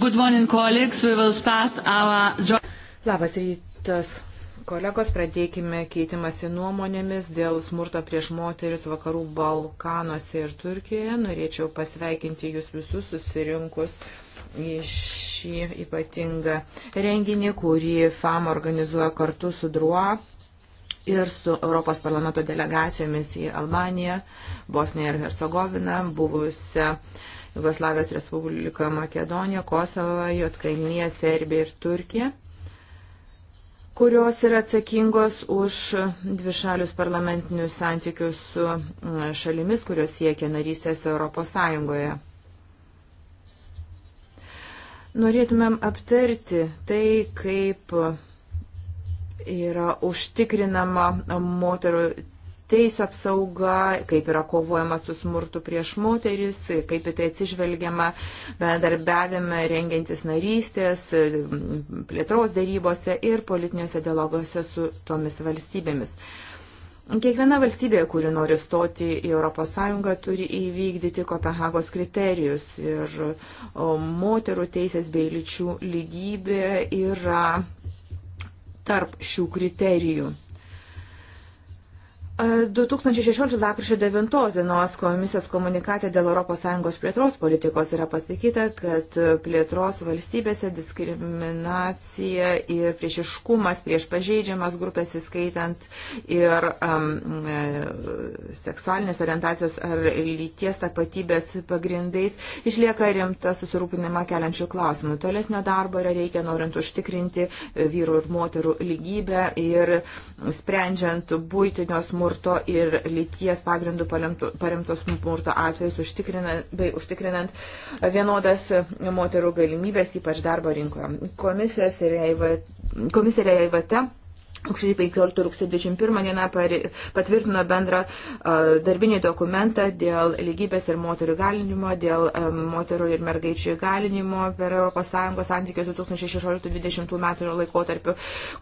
Good morning, colleagues. We will start our job. Labas rytas. Kolegos, pradėkime keitimąsi nuomonėmis dėl smurto prieš moteris vakarų Balkanuose ir Turkijoje. Norėčiau pasveikinti jūs visus susirinkus į šį ypatingą renginį, kurį FAM organizuoja kartu su DRUA ir su Europos parlamento delegacijomis į Albaniją, Bosniją ir Hercegoviną, buvusią uh, Jugoslavijos Respublika, Makedonija, Kosova, Jotkalnyje, Serbija ir Turkija, kurios yra atsakingos už dvišalius parlamentinius santykius su mm, šalimis, kurios siekia narystės Europos Sąjungoje. Norėtumėm aptarti tai, kaip yra užtikrinama moterų teisų apsauga, kaip yra kovojama su smurtu prieš moteris, kaip į tai atsižvelgiama bendarbiavime rengiantis narystės, plėtros darybose ir politiniuose dialoguose su tomis valstybėmis. Kiekviena valstybė, kuri nori stoti į ES, turi įvykdyti Kopenhagos kriterijus ir moterų teisės bei lyčių lygybė yra tarp šių kriterijų. 2016 lapkričio 9 dienos komisijos komunikate dėl ES plėtros politikos yra pasakyta, kad plėtros valstybėse diskriminacija ir priešiškumas prieš pažeidžiamas grupės, įskaitant ir um, seksualinės orientacijos ar lyties tapatybės pagrindais, išlieka rimta susirūpinimą keliančių klausimų. Tolesnio darbo yra reikia norint užtikrinti vyrų ir moterų lygybę ir sprendžiant būtinio smurto smurto ir lyties pagrindų paremto smurto atvejus, užtikrinant, bei užtikrinant vienodas moterų galimybės, ypač darbo rinkoje. Komisijos ir EIVT. Komisija EIVT 2015 rugsėjo 21 dieną patvirtino bendrą darbinį dokumentą dėl lygybės ir moterų galinimo, dėl moterų ir mergaičių galinimo per ES santykius 2016-2020 metų laikotarpiu,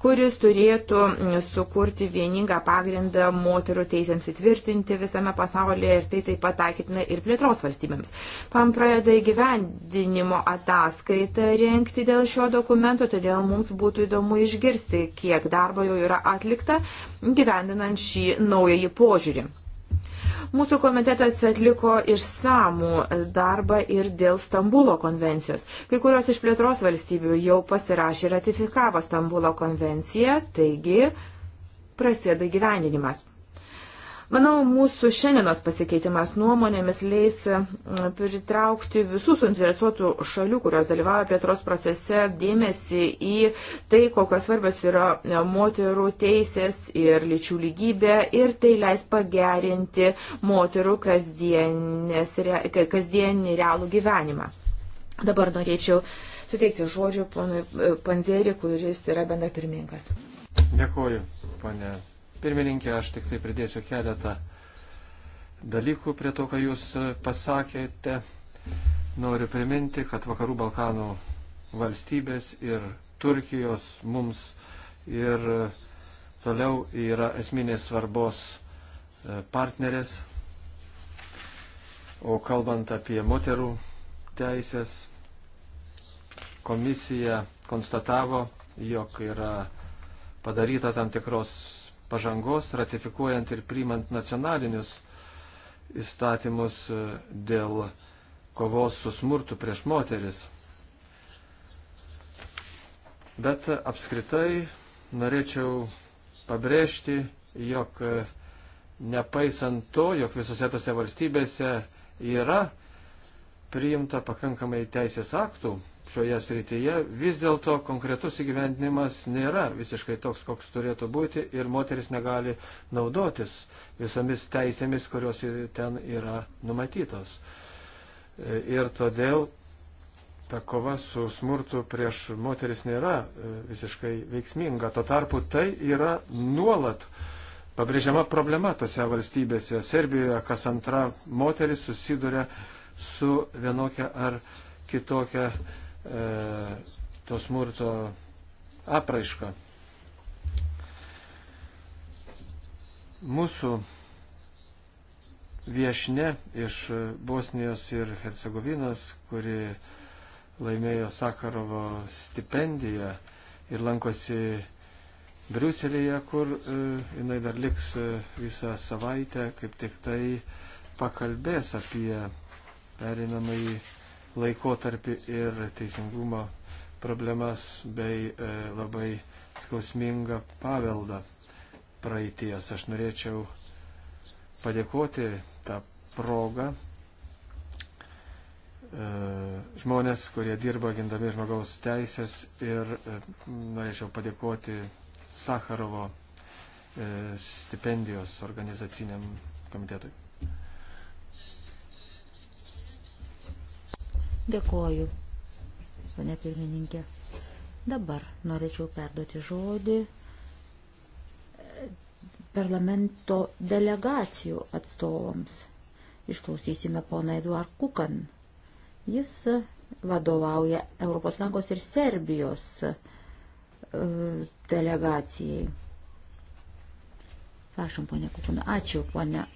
kuris turėtų sukurti vieningą pagrindą moterų teisėms įtvirtinti visame pasaulyje ir tai taip pat taikytina ir plėtros valstybėms. PAM pradeda įgyvendinimo ataskaitą renkti dėl šio dokumento, todėl mums būtų įdomu išgirsti, kiek darbo jau jau yra atlikta gyvendinant šį naująjį požiūrį. Mūsų komitetas atliko išsamų darbą ir dėl Stambulo konvencijos. Kai kurios iš plėtros valstybių jau pasirašė ir ratifikavo Stambulo konvenciją, taigi prasideda gyvendinimas. Manau, mūsų šiandienos pasikeitimas nuomonėmis leis e, pritraukti visų suinteresuotų šalių, kurios dalyvauja plėtros procese, dėmesį į tai, kokios svarbios yra e, moterų teisės ir lyčių lygybė ir tai leis pagerinti moterų kasdienį realų gyvenimą. Dabar norėčiau suteikti žodžių ponui e, Panzerį, kuris yra bendra pirmininkas. Dėkuoju, ponė Pirmininkė, aš tik tai pridėsiu keletą dalykų prie to, ką jūs e, pasakėte. Noriu priminti, kad Vakarų Balkanų valstybės ir Turkijos mums ir e, toliau yra esminės svarbos e, partnerės. O kalbant apie moterų teisės, komisija konstatavo, jog yra padaryta tam tikros pažangos, ratifikuojant ir priimant nacionalinius įstatymus e, dėl kovos su smurtu prieš moteris. Bet apskritai norėčiau pabrėžti, jog nepaisant to, jog visose tose valstybėse yra priimta pakankamai teisės aktų šioje srityje, vis dėlto konkretus įgyvendinimas nėra visiškai toks, koks turėtų būti ir moteris negali naudotis visomis teisėmis, kurios ten yra numatytos. E, ir todėl ta kova su smurtu prieš moteris nėra e, visiškai veiksminga. Tuo tarpu tai yra nuolat pabrėžiama problema tose valstybėse. Serbijoje kas antra moteris susiduria su vienokia ar kitokia E, to smurto apraišką. Mūsų viešne iš Bosnijos ir Hercegovinos, kuri laimėjo Sakarovo stipendiją ir lankosi Briuselėje, kur e, jinai dar liks e, visą savaitę, kaip tik tai pakalbės apie perinamąjį laikotarpį ir teisingumo problemas bei e, labai skausmingą paveldą praeities. Aš norėčiau padėkoti tą progą e, žmonės, kurie dirba gindami žmogaus teisės ir e, norėčiau padėkoti Sakarovo e, stipendijos organizaciniam komitetui. Dėkoju, pane pirmininkė. Dabar norėčiau perduoti žodį e, parlamento delegacijų atstovams. Išklausysime poną Eduard Kukan. Jis vadovauja ES ir Serbijos e, delegacijai. Prašom, ponė Kukan. Ačiū, ponė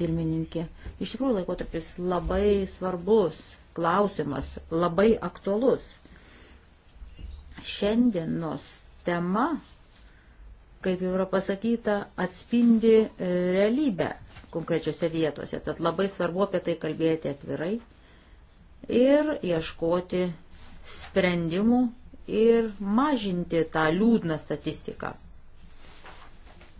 pirmininkė. Iš tikrųjų, laikotarpis labai svarbus klausimas, labai aktualus. Šiandienos tema, kaip jau yra pasakyta, atspindi e, realybę konkrečiose vietose. Tad labai svarbu apie tai kalbėti atvirai ir ieškoti sprendimų ir mažinti tą liūdną statistiką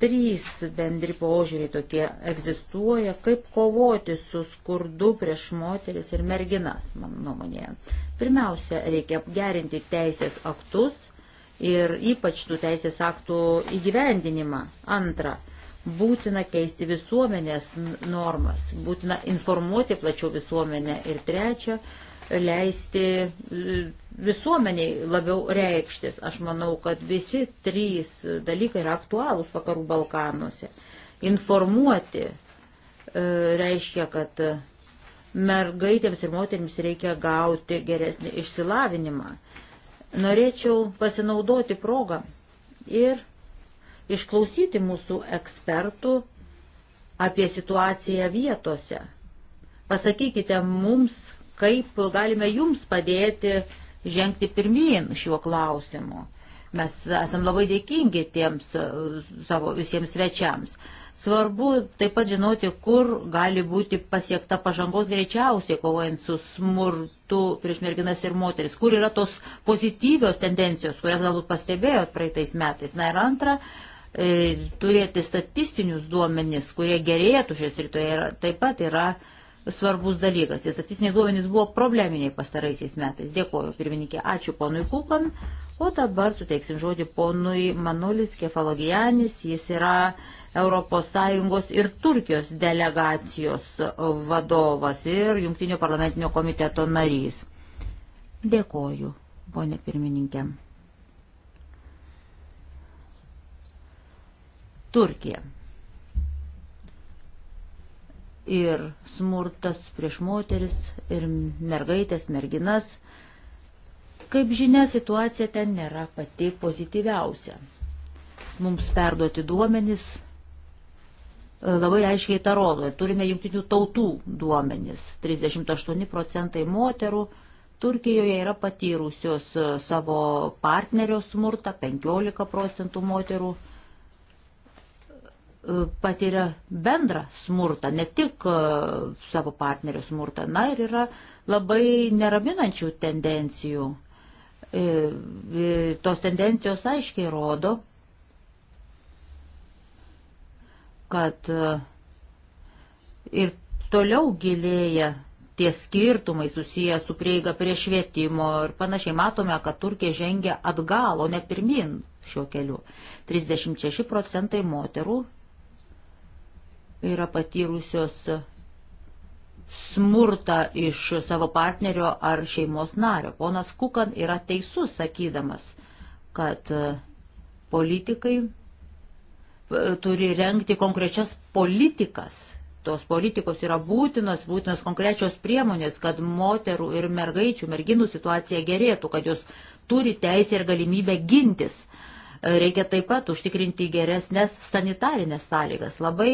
Trys bendri požiūriai tokie egzistuoja, kaip kovoti su skurdu prieš moteris ir merginas, mano nuomonėje. Pirmiausia, reikia gerinti teisės aktus ir ypač tų teisės aktų įgyvendinimą. Antra, būtina keisti visuomenės normas, būtina informuoti plačiau visuomenę. Ir trečia, leisti visuomeniai labiau reikštis. Aš manau, kad visi trys dalykai yra aktualūs vakarų Balkanuose. Informuoti e, reiškia, kad mergaitėms ir moterims reikia gauti geresnį išsilavinimą. Norėčiau pasinaudoti progą ir išklausyti mūsų ekspertų apie situaciją vietose. Pasakykite mums, kaip galime jums padėti žengti pirmyn šiuo klausimu. Mes esam labai dėkingi tiems e, savo visiems svečiams. Svarbu taip pat žinoti, kur gali būti pasiekta pažangos greičiausiai, kovojant su smurtu prieš merginas ir moteris, kur yra tos pozityvios tendencijos, kurias galbūt pastebėjot praeitais metais. Na ir antra, e, turėti statistinius duomenis, kurie gerėtų šios rytoje, taip pat yra svarbus dalykas. Jis atsisniai duomenys buvo probleminiai pastaraisiais metais. Dėkoju, pirmininkė. Ačiū ponui Kukan. O dabar suteiksim žodį ponui Manulis Kefalogijanis. Jis yra ES ir Turkijos delegacijos vadovas ir Junktinio parlamentinio komiteto narys. Dėkoju, ponė pirmininkė. Turkija ir smurtas prieš moteris ir mergaitės, merginas. Kaip žinia, situacija ten nėra pati pozityviausia. Mums perduoti duomenys e, labai aiškiai tą rodo. Ir turime jungtinių tautų duomenys. 38 procentai moterų Turkijoje yra patyrusios e, savo partnerio smurtą, 15 procentų moterų E, patiria bendrą smurtą, ne tik e, savo partnerio smurtą. Na ir yra labai neraminančių tendencijų. E, tos tendencijos aiškiai rodo, kad ir toliau gilėja tie skirtumai susiję su prieiga prie švietimo ir panašiai. Matome, kad Turkija žengia atgal, o ne pirmin šiuo keliu. 36 procentai moterų yra patyrusios smurtą iš savo partnerio ar šeimos nario. Ponas Kukan yra teisus, sakydamas, kad politikai e, turi renkti konkrečias politikas. Tos politikos yra būtinos, būtinos konkrečios priemonės, kad moterų ir mergaičių, merginų situacija gerėtų, kad jos turi teisę ir galimybę gintis. E, reikia taip pat užtikrinti geresnės sanitarinės sąlygas. Labai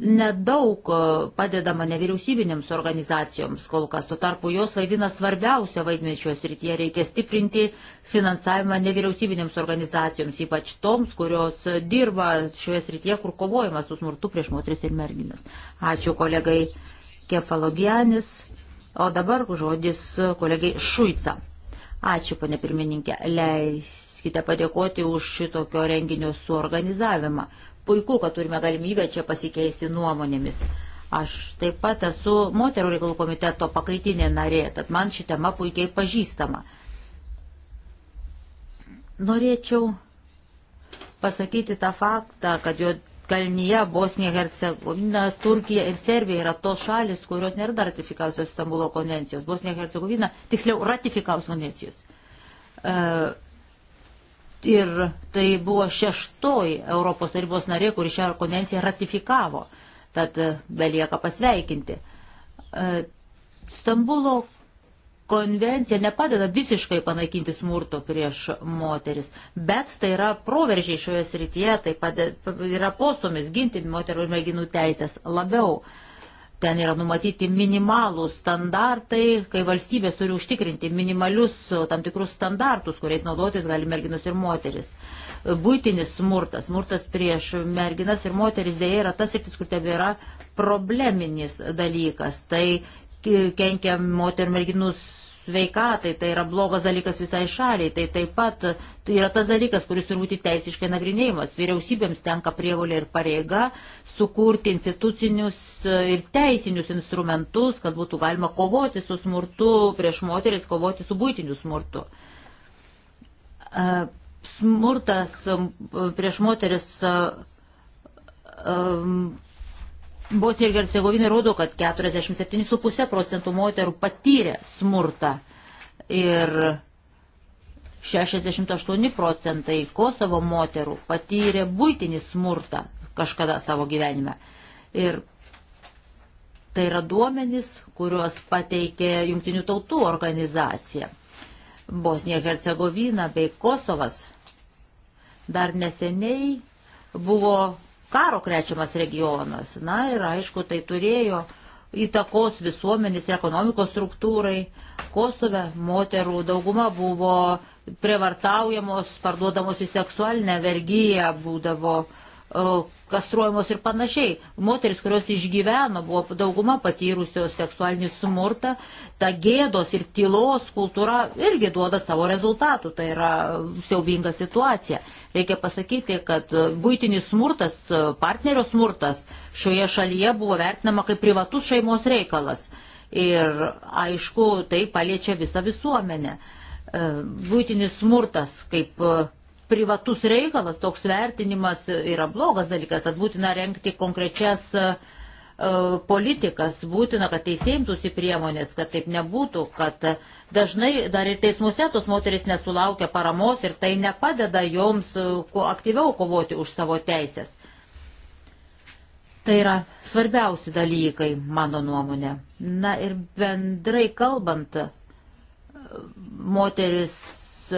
nedaug e, padedama nevyriausybinėms organizacijoms kol kas, tuo tarpu jos vaidina svarbiausią vaidmenį šios rytyje, reikia stiprinti finansavimą nevyriausybinėms organizacijoms, ypač toms, kurios dirba šioje srityje, kur kovojama su smurtu prieš moteris ir merginas. Ačiū kolegai Kefalogianis, o dabar žodis kolegai Šuica. Ačiū, pane pirmininkė, leiskite padėkoti už šitokio renginio suorganizavimą puiku, kad turime galimybę čia pasikeisti nuomonėmis. Aš taip pat esu moterų reikalų komiteto pakaitinė narė, tad man ši tema puikiai pažįstama. Norėčiau pasakyti tą faktą, kad jo kalnyje Bosnija, Hercegovina, Turkija ir Serbija yra tos šalis, kurios nėra dar ratifikavusios Stambulo konvencijos. Bosnija, Hercegovina, tiksliau, ratifikavusios konvencijos. Uh, Ir tai buvo šeštoji Europos tarybos narė, kuri šią konvenciją ratifikavo. Tad e, belieka pasveikinti. E, Stambulo konvencija nepadeda visiškai panaikinti smurto prieš moteris, bet tai yra proveržiai šioje srityje, tai yra postumis ginti moterų ir merginų teisės labiau. Uh, Ten yra numatyti minimalų standartai, kai valstybės turi užtikrinti minimalius tam tikrus standartus, kuriais naudotis gali merginos ir moteris. Būtinis smurtas, smurtas prieš merginas ir moteris dėja yra tas sritis, kur tebėra probleminis dalykas. Tai kenkia moterų merginų sveikatai, tai yra blogas dalykas visai šaliai, tai taip pat tai yra tas dalykas, kuris turi būti teisiškai nagrinėjimas. Vyriausybėms tenka prievolė ir pareiga sukurti institucinius e, ir teisinius instrumentus, kad būtų galima kovoti su smurtu prieš moteris, kovoti su būtiniu smurtu. E, smurtas e, prieš moteris Bosnija ir Hercegovina rodo, kad 47,5 procentų moterų patyrė smurtą ir 68 procentai Kosovo moterų patyrė būtinį smurtą kažkada savo gyvenime. Ir tai yra duomenys, kuriuos pateikė Junktinių tautų organizacija. Bosnija ir Hercegovina bei Kosovas dar neseniai buvo karo krečiamas regionas. Na ir aišku, tai turėjo įtakos visuomenės ir ekonomikos struktūrai. Kosove moterų dauguma buvo prievartaujamos, parduodamos į seksualinę vergyją, būdavo kastruojamos ir panašiai. Moteris, kurios išgyveno, buvo dauguma patyrusios seksualinį smurtą, ta gėdos ir tylos kultūra irgi duoda savo rezultatų. Tai yra siaubinga situacija. Reikia pasakyti, kad būtinis smurtas, partnerio smurtas šioje šalyje buvo vertinama kaip privatus šeimos reikalas. Ir aišku, tai paliečia visą visuomenę. E, būtinis smurtas kaip privatus reikalas, toks vertinimas yra blogas dalykas, tad būtina renkti konkrečias e, politikas, būtina, kad teisėjimtųsi priemonės, kad taip nebūtų, kad dažnai dar ir teismuose tos moteris nesulaukia paramos ir tai nepadeda joms e, aktyviau kovoti už savo teisės. Tai yra svarbiausi dalykai, mano nuomonė. Na ir bendrai kalbant, moteris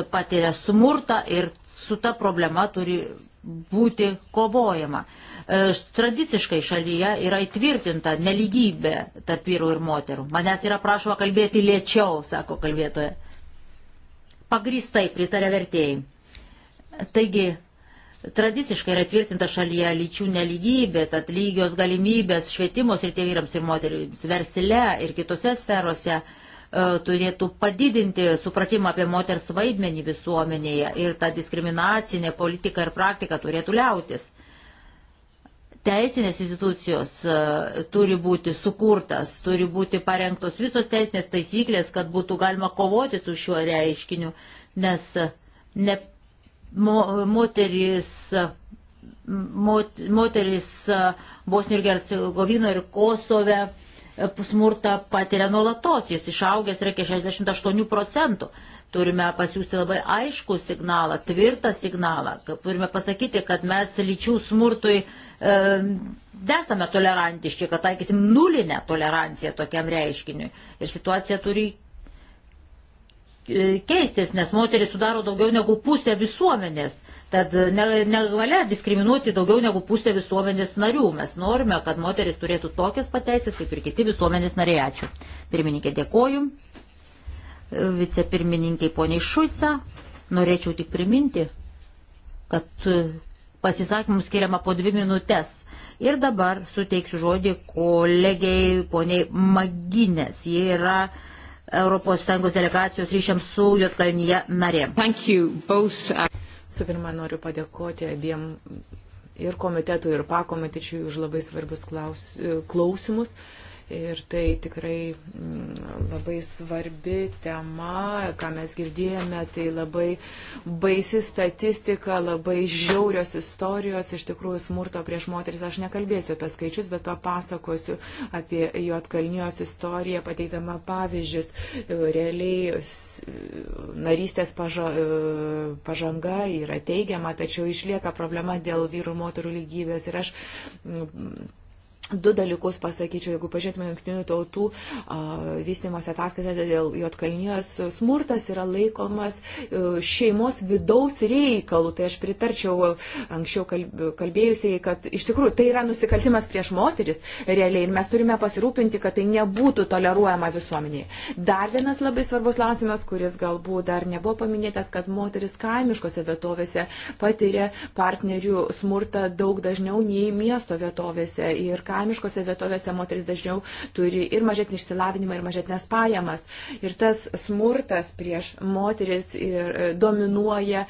patiria smurtą ir su ta problema turi būti kovojama. E, tradiciškai šalyje yra įtvirtinta neligybė tarp vyrų ir moterų. Manęs yra prašoma kalbėti lėčiau, sako kalbėtoja. Pagristai pritarė vertėjai. Taigi, tradiciškai yra tvirtinta šalyje lyčių neligybė, tad lygios galimybės švietimos ir tie vyrams ir moteriams versle ir kitose sferose E, turėtų padidinti supratimą apie moters vaidmenį visuomenėje ir ta diskriminacinė politika ir praktika turėtų liautis. Teisinės institucijos e, turi būti sukurtas, turi būti parengtos visos teisinės taisyklės, kad būtų galima kovoti su šiuo reiškiniu, nes e, ne, mo, moteris, mot, moteris Bosnių ir Gercegovino ir Kosove uh, smurtą patiria nuolatos, jis išaugęs yra iki 68 procentų. Turime pasiūsti labai aišku signalą, tvirtą signalą, turime pasakyti, kad mes lyčių smurtui e, nesame tolerantiški, kad taikysim nulinę toleranciją tokiam reiškiniui. Ir situacija turi e, keistis, nes moteris sudaro daugiau negu pusę visuomenės. E, Tad negalia diskriminuoti daugiau negu pusė visuomenės narių. Mes norime, kad moteris turėtų tokias pateisės, kaip ir kiti visuomenės nariai. Ačiū. Pirmininkė, dėkoju. Vicepirmininkai poniai Šuica, norėčiau tik priminti, kad pasisakymams skiriama po dvi minutės. Ir dabar suteiksiu žodį kolegiai poniai Maginės. Jie yra ES delegacijos ryšiams su Jotkalnyje narė. Both... Uh, Visų pirma, noriu padėkoti abiem ir komitetui, ir pakomitečiui už labai svarbius klaus, klausimus. Ir tai tikrai mm, labai svarbi tema, ką mes girdėjome, tai labai baisi statistika, labai žiaurios istorijos, iš tikrųjų smurto prieš moteris. Aš nekalbėsiu apie skaičius, bet papasakosiu apie jo atkalnijos istoriją, pateikdama pavyzdžius. Realiai narystės paža, e, pažanga yra teigiama, tačiau išlieka problema dėl vyrų ir moterų lygybės. Ir aš Du dalykus pasakyčiau, jeigu pažiūrėtume jungtinių tautų vystimos ataskaitą dėl Jotkalnijos, smurtas yra laikomas e, šeimos vidaus reikalų. Tai aš pritarčiau anksčiau kalbėjusiai, kad iš tikrųjų tai yra nusikaltimas prieš moteris realiai ir mes turime pasirūpinti, kad tai nebūtų toleruojama visuomeniai. Dar vienas labai svarbus klausimas, kuris galbūt dar nebuvo paminėtas, kad moteris kaimiškose vietovėse patiria partnerių smurtą daug dažniau nei miesto vietovėse. Ir ką kaimiškose vietovėse moteris dažniau turi ir mažesnį išsilavinimą, ir mažesnės pajamas. Ir tas smurtas prieš moteris ir e, dominuoja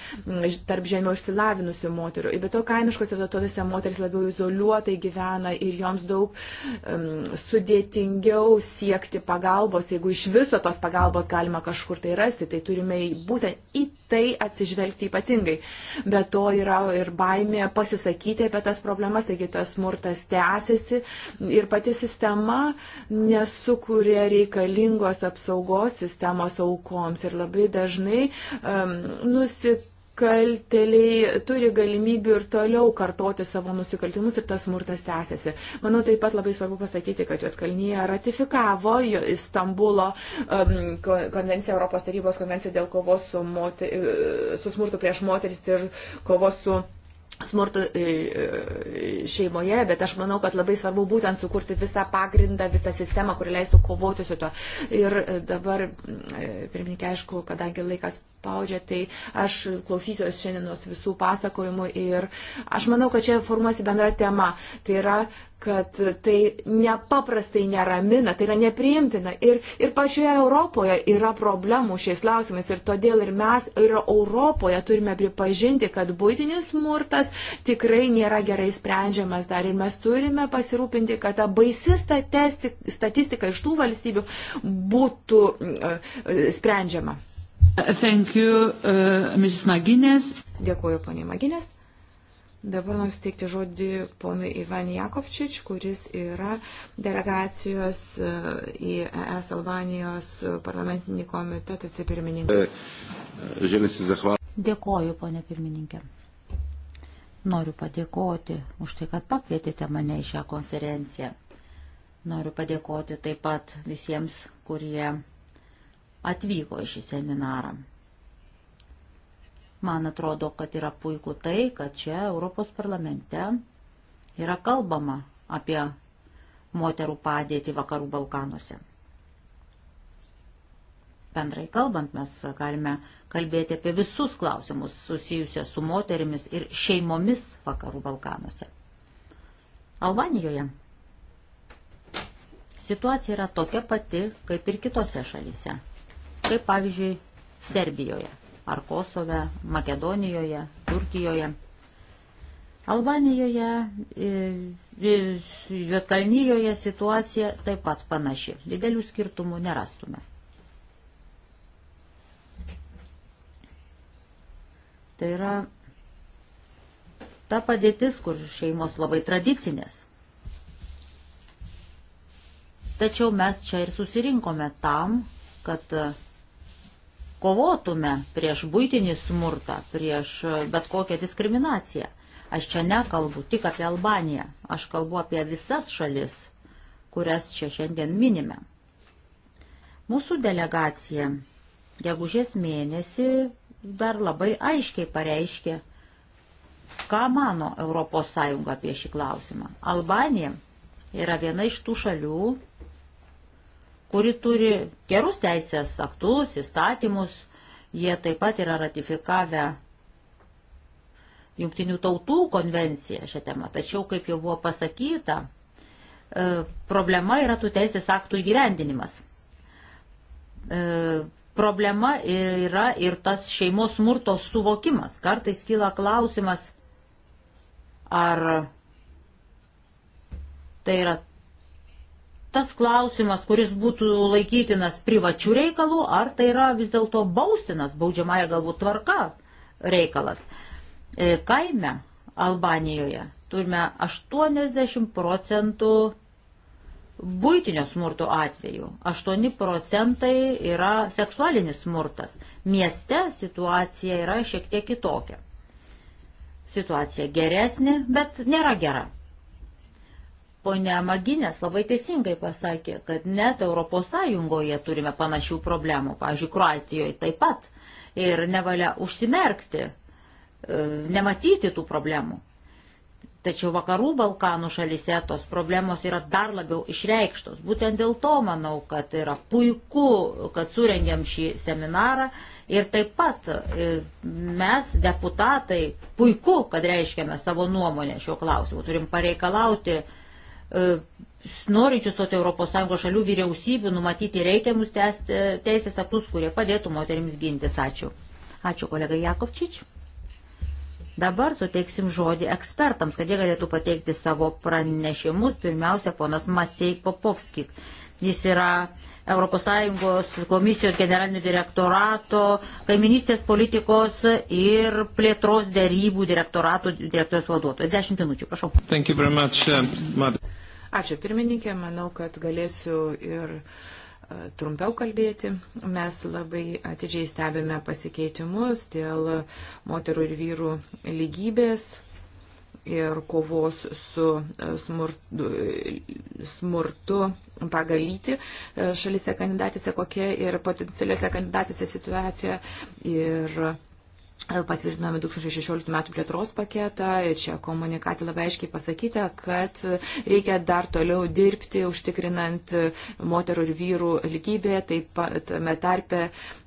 tarp žemiau išsilavinusių moterų. Ir be to kaimiškose vietovėse moteris labiau izoliuotai gyvena ir joms daug um, sudėtingiau siekti pagalbos, jeigu iš viso tos pagalbos galima kažkur tai rasti. Tai turime būtent į tai atsižvelgti ypatingai. Be to yra ir baimė pasisakyti apie tas problemas, taigi tas smurtas tęsiasi ir pati sistema nesukuria reikalingos apsaugos sistemos aukoms ir labai dažnai um, nusikaltimas nusikalteliai turi galimybių ir toliau kartoti savo nusikaltimus ir tas smurtas tęsiasi. Manau, taip pat labai svarbu pasakyti, kad Juotkalnyje ratifikavo Istanbulo um, konvenciją, Europos tarybos konvenciją dėl kovos su, moti, su smurtu prieš moteris ir kovos su smurtų e, e, šeimoje, bet aš manau, kad labai svarbu būtent sukurti visą pagrindą, visą sistemą, kuri leistų kovoti su tuo. Ir e, dabar, pirmininkė, aišku, kadangi laikas spaudžia, tai aš klausysiuos šiandienos visų pasakojimų ir aš manau, kad čia formuosi bendra tema. Tai yra, kad tai nepaprastai neramina, tai yra nepriimtina. Ir, ir pačioje Europoje yra problemų šiais klausimais ir todėl ir mes, ir Europoje turime pripažinti, kad būtinis smurtas tikrai nėra gerai sprendžiamas dar ir mes turime pasirūpinti, kad ta baisi statistika iš tų valstybių būtų e, e, sprendžiama. Thank you, uh, Mrs. Maginės. Dėkuoju, ponė Maginės. Dabar noriu suteikti žodį ponui Ivan Jakovčič, kuris yra delegacijos uh, į ES Albanijos parlamentinį komitetą vicepirmininkas. Uh, Dėkoju, ponė pirmininkė. Noriu padėkoti už tai, kad pakvietėte mane į šią konferenciją. Noriu padėkoti taip pat visiems, kurie atvyko į šį seminarą. Man atrodo, kad yra puiku tai, kad čia Europos parlamente yra kalbama apie moterų padėtį vakarų Balkanuose. Bendrai kalbant, mes galime kalbėti apie visus klausimus susijusią su moterimis ir šeimomis vakarų Balkanuose. Albanijoje situacija yra tokia pati, kaip ir kitose šalyse kaip pavyzdžiui Serbijoje, ar Kosove, Makedonijoje, Turkijoje. Albanijoje, Juotkalnyjoje situacija taip pat panaši. Didelių skirtumų nerastume. Tai yra ta padėtis, kur šeimos labai tradicinės. Tačiau mes čia ir susirinkome tam, kad kovotume prieš būtinį smurtą, prieš bet kokią diskriminaciją. Aš čia nekalbu tik apie Albaniją, aš kalbu apie visas šalis, kurias čia šiandien minime. Mūsų delegacija gegužės mėnesį dar labai aiškiai pareiškė, ką mano ES apie šį klausimą. Albanija yra viena iš tų šalių, kuri turi gerus teisės aktus, įstatymus, jie taip pat yra ratifikavę Junktinių tautų konvenciją šią temą. Tačiau, kaip jau buvo pasakyta, e, problema yra tų teisės aktų įgyvendinimas. E, problema yra ir tas šeimos smurto suvokimas. Kartais kyla klausimas, ar tai yra tas klausimas, kuris būtų laikytinas privačių reikalų, ar tai yra vis dėlto baustinas, baudžiamąją galbūt tvarka reikalas. E, kaime Albanijoje turime 80 procentų būtinio smurto atveju, 8 procentai yra seksualinis smurtas. Mieste situacija yra šiek tiek kitokia. Situacija geresnė, bet nėra gera. Pone Maginės labai teisingai pasakė, kad net ES turime panašių problemų, pavyzdžiui, Kroatijoje taip pat. Ir nevalia užsimerkti, e, nematyti tų problemų. Tačiau vakarų Balkanų šalise tos problemos yra dar labiau išreikštos. Būtent dėl to manau, kad yra puiku, kad surengėm šį seminarą ir taip pat e, mes, deputatai, puiku, kad reiškiame savo nuomonę šiuo klausimu. Turim pareikalauti uh, E, norinčių stoti Europos Sąjungos šalių vyriausybių numatyti reikiamus e, teisės aktus, kurie padėtų moterims gintis. Ačiū. Ačiū kolega Jakovčič. Dabar suteiksim žodį ekspertams, kad jie galėtų pateikti savo pranešimus. Pirmiausia, ponas Maciej Popovskik. Jis yra ES komisijos generalinio direktorato, kaiminystės politikos ir plėtros dėrybų direktorato direktorijos vaduotojas. Dešimt minučių, prašau. Much, uh, Ačiū pirmininkė, manau, kad galėsiu ir uh, trumpiau kalbėti. Mes labai atidžiai stebime pasikeitimus dėl moterų ir vyrų lygybės ir kovos su e, smurtu, smurtu pagal lytį e, šalise kandidatėse, kokia ir potencialiuose kandidatėse situacija. Ir patvirtinome 2016 metų plėtros paketą, čia komunikatė labai aiškiai pasakyta, kad reikia dar toliau dirbti, užtikrinant moterų ir vyrų lygybę, taip pat tarpe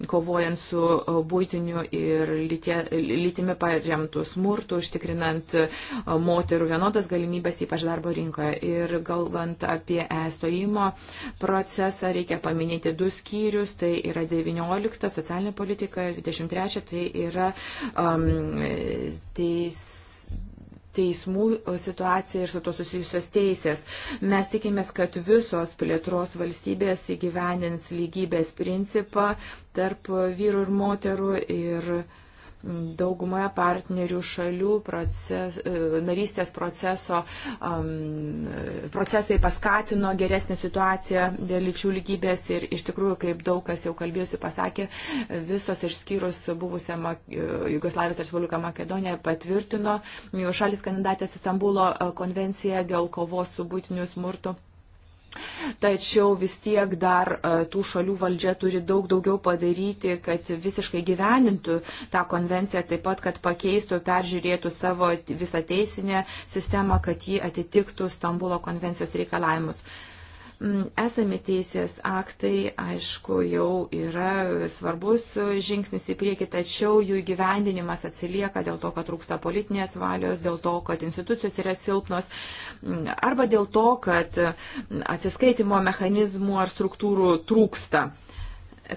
kovojant su būtiniu ir lytimi paremtų smurtų, užtikrinant moterų vienodas galimybės, ypač darbo rinkoje. Ir galvant apie estojimo procesą, reikia paminėti du skyrius, tai yra 19 socialinė politika ir 23 tai yra um, teis teismų situacija ir su to susijusios teisės. Mes tikimės, kad visos plėtros valstybės įgyvenins lygybės principą tarp vyrų ir moterų ir uh, Daugumoje partnerių šalių proces, e, narystės proceso, um, procesai paskatino geresnę situaciją dėl lyčių lygybės ir iš tikrųjų, kaip daug kas jau kalbėjusi pasakė, visos išskyrus buvusią e, Jugoslavijos Respubliką Makedoniją patvirtino šalis kandidatės į Stambulo e, konvenciją dėl kovos su būtiniu smurtu. Tačiau vis tiek dar e, tų šalių valdžia turi daug daugiau padaryti, kad visiškai gyvenintų tą konvenciją, taip pat, kad pakeistų, peržiūrėtų savo visą teisinę sistemą, kad ji atitiktų Stambulo konvencijos reikalavimus. Mm, esami teisės aktai, aišku, jau yra svarbus žingsnis į priekį, tačiau jų įgyvendinimas atsilieka dėl to, kad trūksta politinės valios, dėl to, kad institucijos yra silpnos mm, arba dėl to, kad mm, atsiskaitimo mechanizmų ar struktūrų trūksta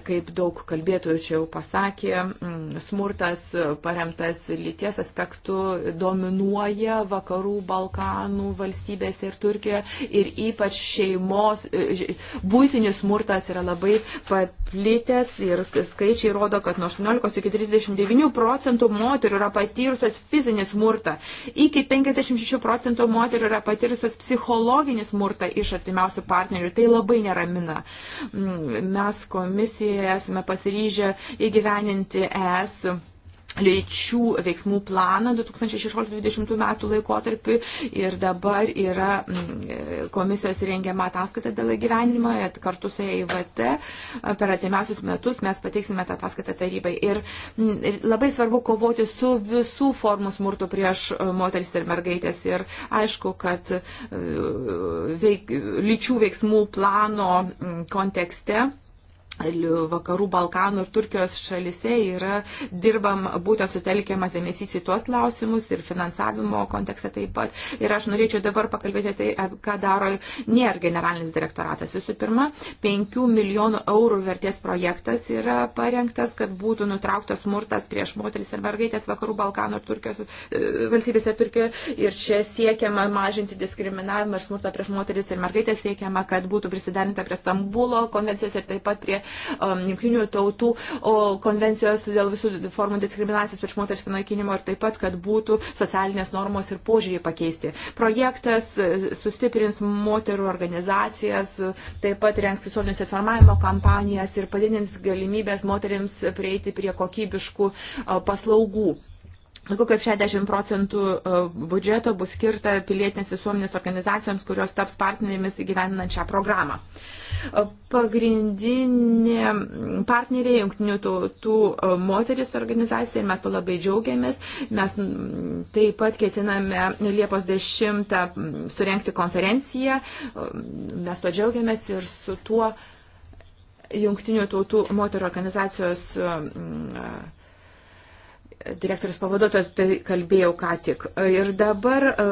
kaip daug kalbėtojų čia jau pasakė, mm, smurtas paremtas lyties aspektu dominuoja vakarų Balkanų valstybėse ir Turkijoje ir ypač šeimos, e, būtinis smurtas yra labai paplitęs ir skaičiai rodo, kad nuo 18 iki 39 procentų moterų yra patyrusios fizinį smurtą, iki 56 procentų moterų yra patyrusios psichologinį smurtą iš artimiausių partnerių. Tai labai neramina. Mm, mes komisijos Vokietijoje esame pasiryžę įgyveninti ES lyčių veiksmų planą 2016-2020 metų laikotarpiu ir dabar yra mm, komisijos rengiama ataskaita dėl įgyvenimo, kartu su EIVT e, per atimiausius metus mes pateiksime tą ataskaitą tarybai. Ir mm, labai svarbu kovoti su visų formų smurtų prieš e, moteris ir mergaitės. Ir aišku, kad e, veik, lyčių veiksmų plano mm, kontekste vakarų Balkanų ir Turkijos šalise yra dirbam būtent sutelkiamas dėmesys į tuos klausimus ir finansavimo kontekste taip pat. Ir aš norėčiau dabar pakalbėti tai, ką daro NER generalinis direktoratas. Visų pirma, 5 milijonų eurų vertės projektas yra parengtas, kad būtų nutrauktas smurtas prieš moteris ir mergaitės vakarų Balkanų ir Turkijos e, valstybėse Turkijoje. Ir čia siekiama mažinti diskriminavimą ir smurtą prieš moteris ir mergaitės, siekiama, kad būtų prisidarinta prie Stambulo konvencijos ir taip pat prie Um, Junktinių tautų konvencijos dėl visų formų diskriminacijos prieš moteris panaikinimo ir taip pat, kad būtų socialinės normos ir požiūrį pakeisti. Projektas e, sustiprins moterų organizacijas, taip pat rengs visuomenės informavimo kampanijas ir padidins galimybės moteriams prieiti prie kokybiškų e, paslaugų. Daugiau kaip 60 procentų e, biudžeto bus skirta pilietinės visuomenės organizacijoms, kurios taps partnerėmis įgyveninant šią programą. E, pagrindinė partnerė jungtinių tautų e, moteris organizacija ir mes to labai džiaugiamės. Mes taip pat ketiname Liepos 10 surenkti konferenciją. Mes to džiaugiamės ir su tuo jungtinių tautų moterų organizacijos. Mm, direktorius pavaduotojas, tai kalbėjau ką tik. Ir dabar uh,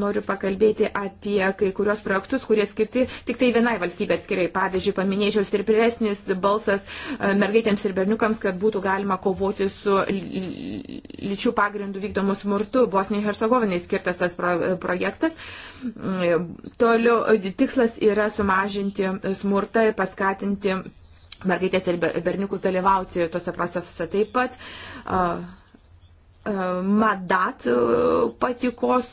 noriu pakalbėti apie kai kurios projektus, kurie skirti tik tai vienai valstybė atskirai. Pavyzdžiui, paminėčiau stipresnis balsas uh, mergaitėms ir berniukams, kad būtų galima kovoti su lyčių pagrindų vykdomu smurtu. Bosnijai Hercegovinai skirtas tas pro, projektas. Mm, toliau e, tikslas yra sumažinti smurtą ir paskatinti mergaitės ir berniukus dalyvauti tose procesuose taip pat. Uh, mandat e, patikos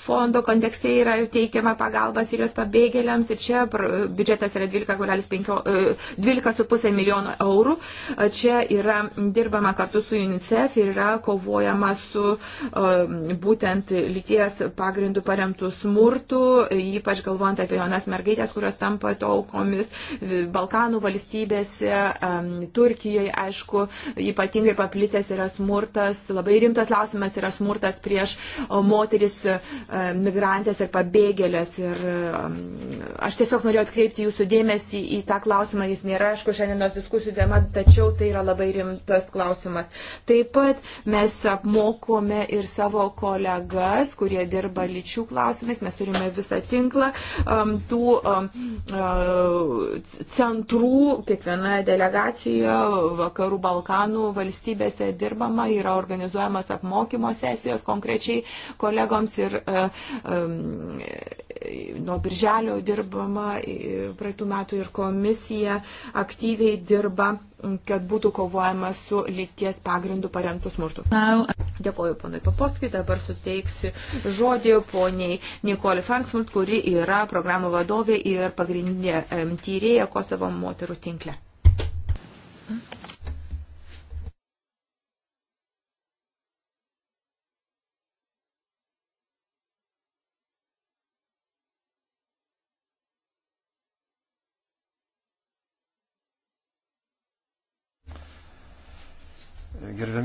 fondo kontekste yra teikiama pagalba Sirijos pabėgėliams ir čia biudžetas yra 12,5 12 e, milijono eurų. E, čia yra dirbama kartu su UNICEF ir yra kovojama su e, būtent lyties pagrindų paremtų smurtų, ypač galvojant apie jaunas mergaitės, kurios tampa to aukomis Balkanų valstybėse, Turkijoje, aišku, ypatingai paplitęs yra smurtas, labai rimtas klausimas yra smurtas prieš moteris E, migrantės ir pabėgėlės. Ir e, aš tiesiog norėjau atkreipti jūsų dėmesį į tą klausimą, jis nėra, aišku, šiandienos diskusijų tema, tačiau tai yra labai rimtas klausimas. Taip pat mes apmokome ir savo kolegas, kurie dirba lyčių klausimais, mes turime visą tinklą um, tų um, e, centrų, kiekviena delegacija vakarų Balkanų valstybėse dirbama, yra organizuojamas apmokymo sesijos konkrečiai kolegoms ir uh, nuo birželio dirbama, praeitų metų ir komisija aktyviai dirba, kad būtų kovojama su lyties pagrindų paremtų smurtu. Dėkoju ponui Paposkui, dabar suteiksiu žodį poniai Nikoli Franksmut, kuri yra programų vadovė ir pagrindinė tyrėja Kosovo moterų tinkle.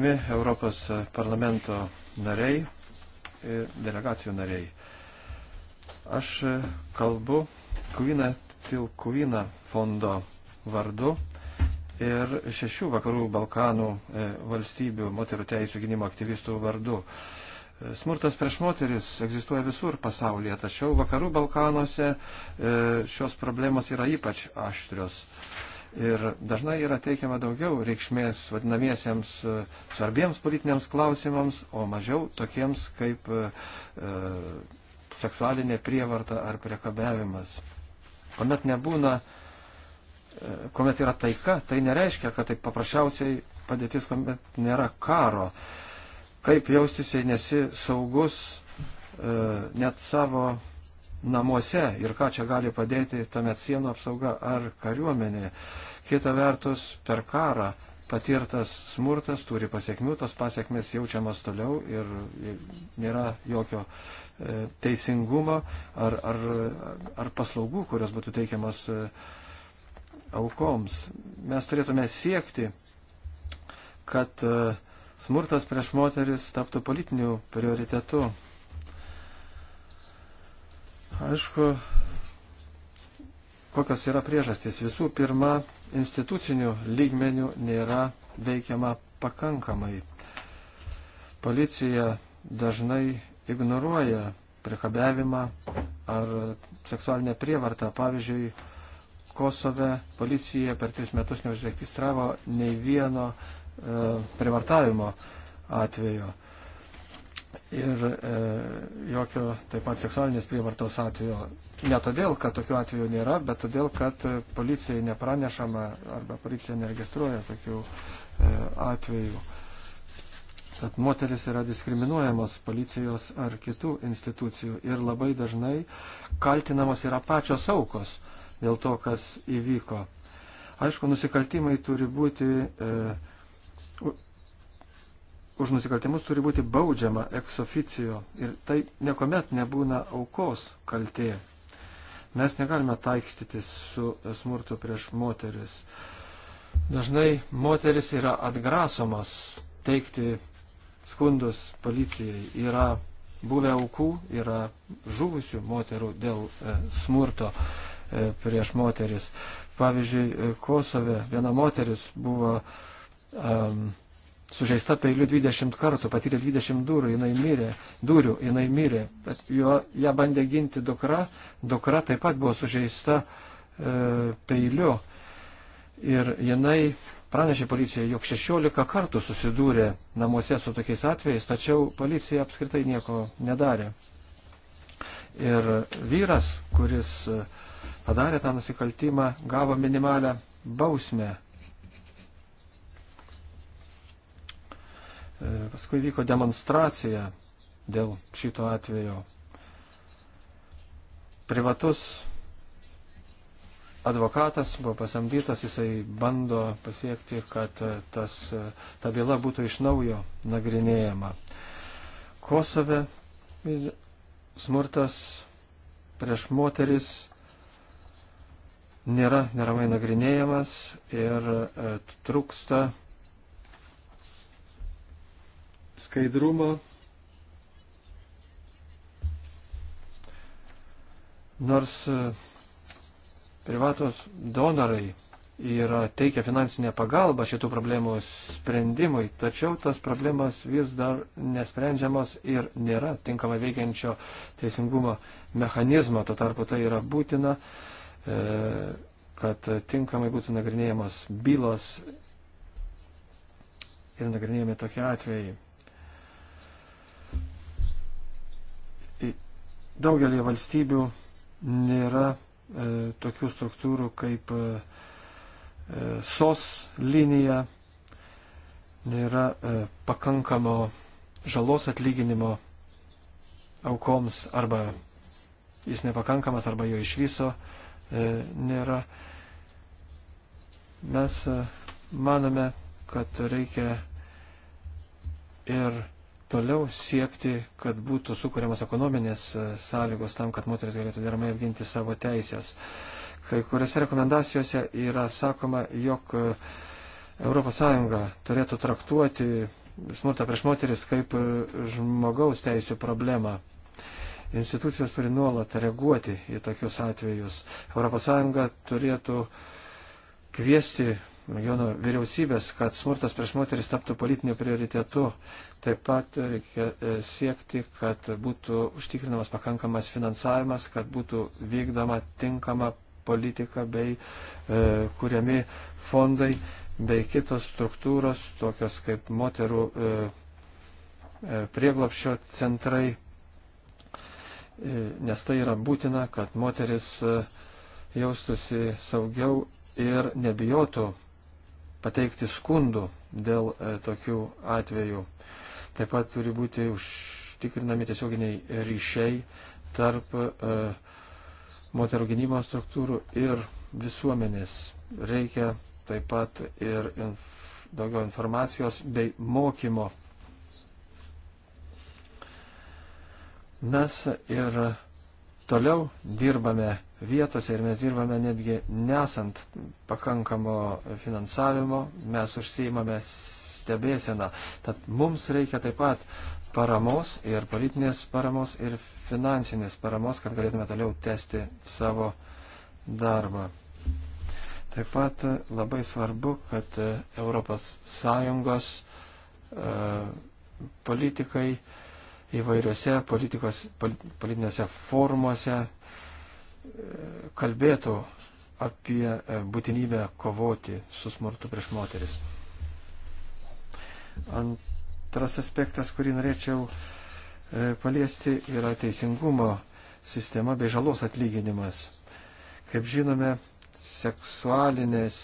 gerbiami Europos parlamento nariai ir delegacijų nariai. Aš kalbu Kvina Tilkuvina fondo vardu ir šešių vakarų Balkanų e, valstybių moterų teisų gynimo aktyvistų vardu. E, smurtas prieš moteris egzistuoja visur pasaulyje, tačiau vakarų Balkanuose e, šios problemos yra ypač aštrios. Ir dažnai yra teikiama daugiau reikšmės vadinamiesiems e, svarbiems politiniams klausimams, o mažiau tokiems kaip e, e seksualinė prievarta ar priekabiavimas. Komet nebūna, e, kuomet yra taika, tai nereiškia, kad taip paprasčiausiai padėtis, kuomet nėra karo. Kaip jaustis, jei nesi saugus e, net savo namuose ir ką čia gali padėti tuomet sienų apsauga ar kariuomenė. Kita vertus, per karą patirtas smurtas turi pasiekmių, tas pasiekmes jaučiamas toliau ir nėra jokio e, teisingumo ar, ar, ar paslaugų, kurios būtų teikiamas e, aukoms. Mes turėtume siekti, kad e, smurtas prieš moteris taptų politiniu prioritetu Aišku, kokios yra priežastys. Visų pirma, institucinių lygmenių nėra veikiama pakankamai. Policija dažnai ignoruoja prikabiavimą ar seksualinę prievartą. Pavyzdžiui, Kosove policija per tris metus neužregistravo nei vieno e, privartavimo atvejo ir e, jokio taip pat seksualinės prievartos atvejo. Ne todėl, kad tokių atvejų nėra, bet todėl, kad policijai nepranešama arba policija neregistruoja tokių e, atvejų. Tad moteris yra diskriminuojamos policijos ar kitų institucijų ir labai dažnai kaltinamos yra pačios aukos dėl to, kas įvyko. Aišku, nusikaltimai turi būti e, už nusikaltimus turi būti baudžiama eksoficijo ir tai niekuomet nebūna aukos kaltė. Mes negalime taikstytis su smurtu prieš moteris. Dažnai moteris yra atgrasomas teikti skundus policijai. Yra buvę aukų, yra žuvusių moterų dėl e, smurto e, prieš moteris. Pavyzdžiui, e, Kosove viena moteris buvo um, sužeista peiliu 20 kartų, patyrė 20 durų, jinai mirė, durių, jinai mirė. Jo, ją bandė ginti dukra, dukra taip pat buvo sužeista e, peiliu. Ir jinai pranešė policijai, jog 16 kartų susidūrė namuose su tokiais atvejais, tačiau policija apskritai nieko nedarė. Ir vyras, kuris e, padarė tą nusikaltimą, gavo minimalę bausmę E, paskui vyko demonstracija dėl šito atvejo. Privatus advokatas buvo pasamdytas, jisai bando pasiekti, kad e, tas, e, ta byla būtų iš naujo nagrinėjama. Kosove smurtas prieš moteris nėra neramai nagrinėjamas ir trūksta skaidrumo. Nors e, privatos donorai yra teikia finansinę pagalbą šitų problemų sprendimui, tačiau tas problemas vis dar nesprendžiamas ir nėra tinkamai veikiančio teisingumo mechanizmo, tuo tarpu tai yra būtina, e, kad tinkamai būtų nagrinėjamos bylos ir nagrinėjami tokie atvejai. Daugelį valstybių nėra e, tokių struktūrų kaip e, SOS e, linija, nėra e, pakankamo žalos atlyginimo aukoms arba jis nepakankamas arba jo iš viso e, nėra. Mes e, manome, kad reikia ir toliau siekti, kad būtų sukūriamas ekonominės sąlygos tam, kad moteris galėtų deramai apginti savo teisės. Kai kuriuose rekomendacijose yra sakoma, jog ES turėtų traktuoti smurtą prieš moteris kaip žmogaus teisų problemą. Institucijos turi nuolat reaguoti į tokius atvejus. ES turėtų kviesti regionų vyriausybės, kad smurtas prieš moteris taptų politiniu prioritetu. Taip pat reikia e, siekti, kad būtų užtikrinamas pakankamas finansavimas, kad būtų vykdoma tinkama politika bei e, kuriami fondai bei kitos struktūros, tokios kaip moterų e, e prieglapšio centrai, e, nes tai yra būtina, kad moteris e, jaustusi saugiau ir nebijotų pateikti skundų dėl e, tokių atvejų. Taip pat turi būti užtikrinami tiesioginiai ryšiai tarp e, moterų gynybos struktūrų ir visuomenės. Reikia taip pat ir inf daugiau informacijos bei mokymo. Mes ir toliau dirbame vietose ir mes dirbame netgi nesant pakankamo finansavimo, mes užsiimame stebėseną. Tad mums reikia taip pat paramos ir politinės paramos ir finansinės paramos, kad galėtume toliau tęsti savo darbą. Taip pat labai svarbu, kad ES e, politikai įvairiuose politikos, politiniuose formuose kalbėtų apie e, būtinybę kovoti su smurtu prieš moteris. Antras aspektas, kurį norėčiau e, paliesti, yra teisingumo sistema bei žalos atlyginimas. Kaip žinome, seksualinės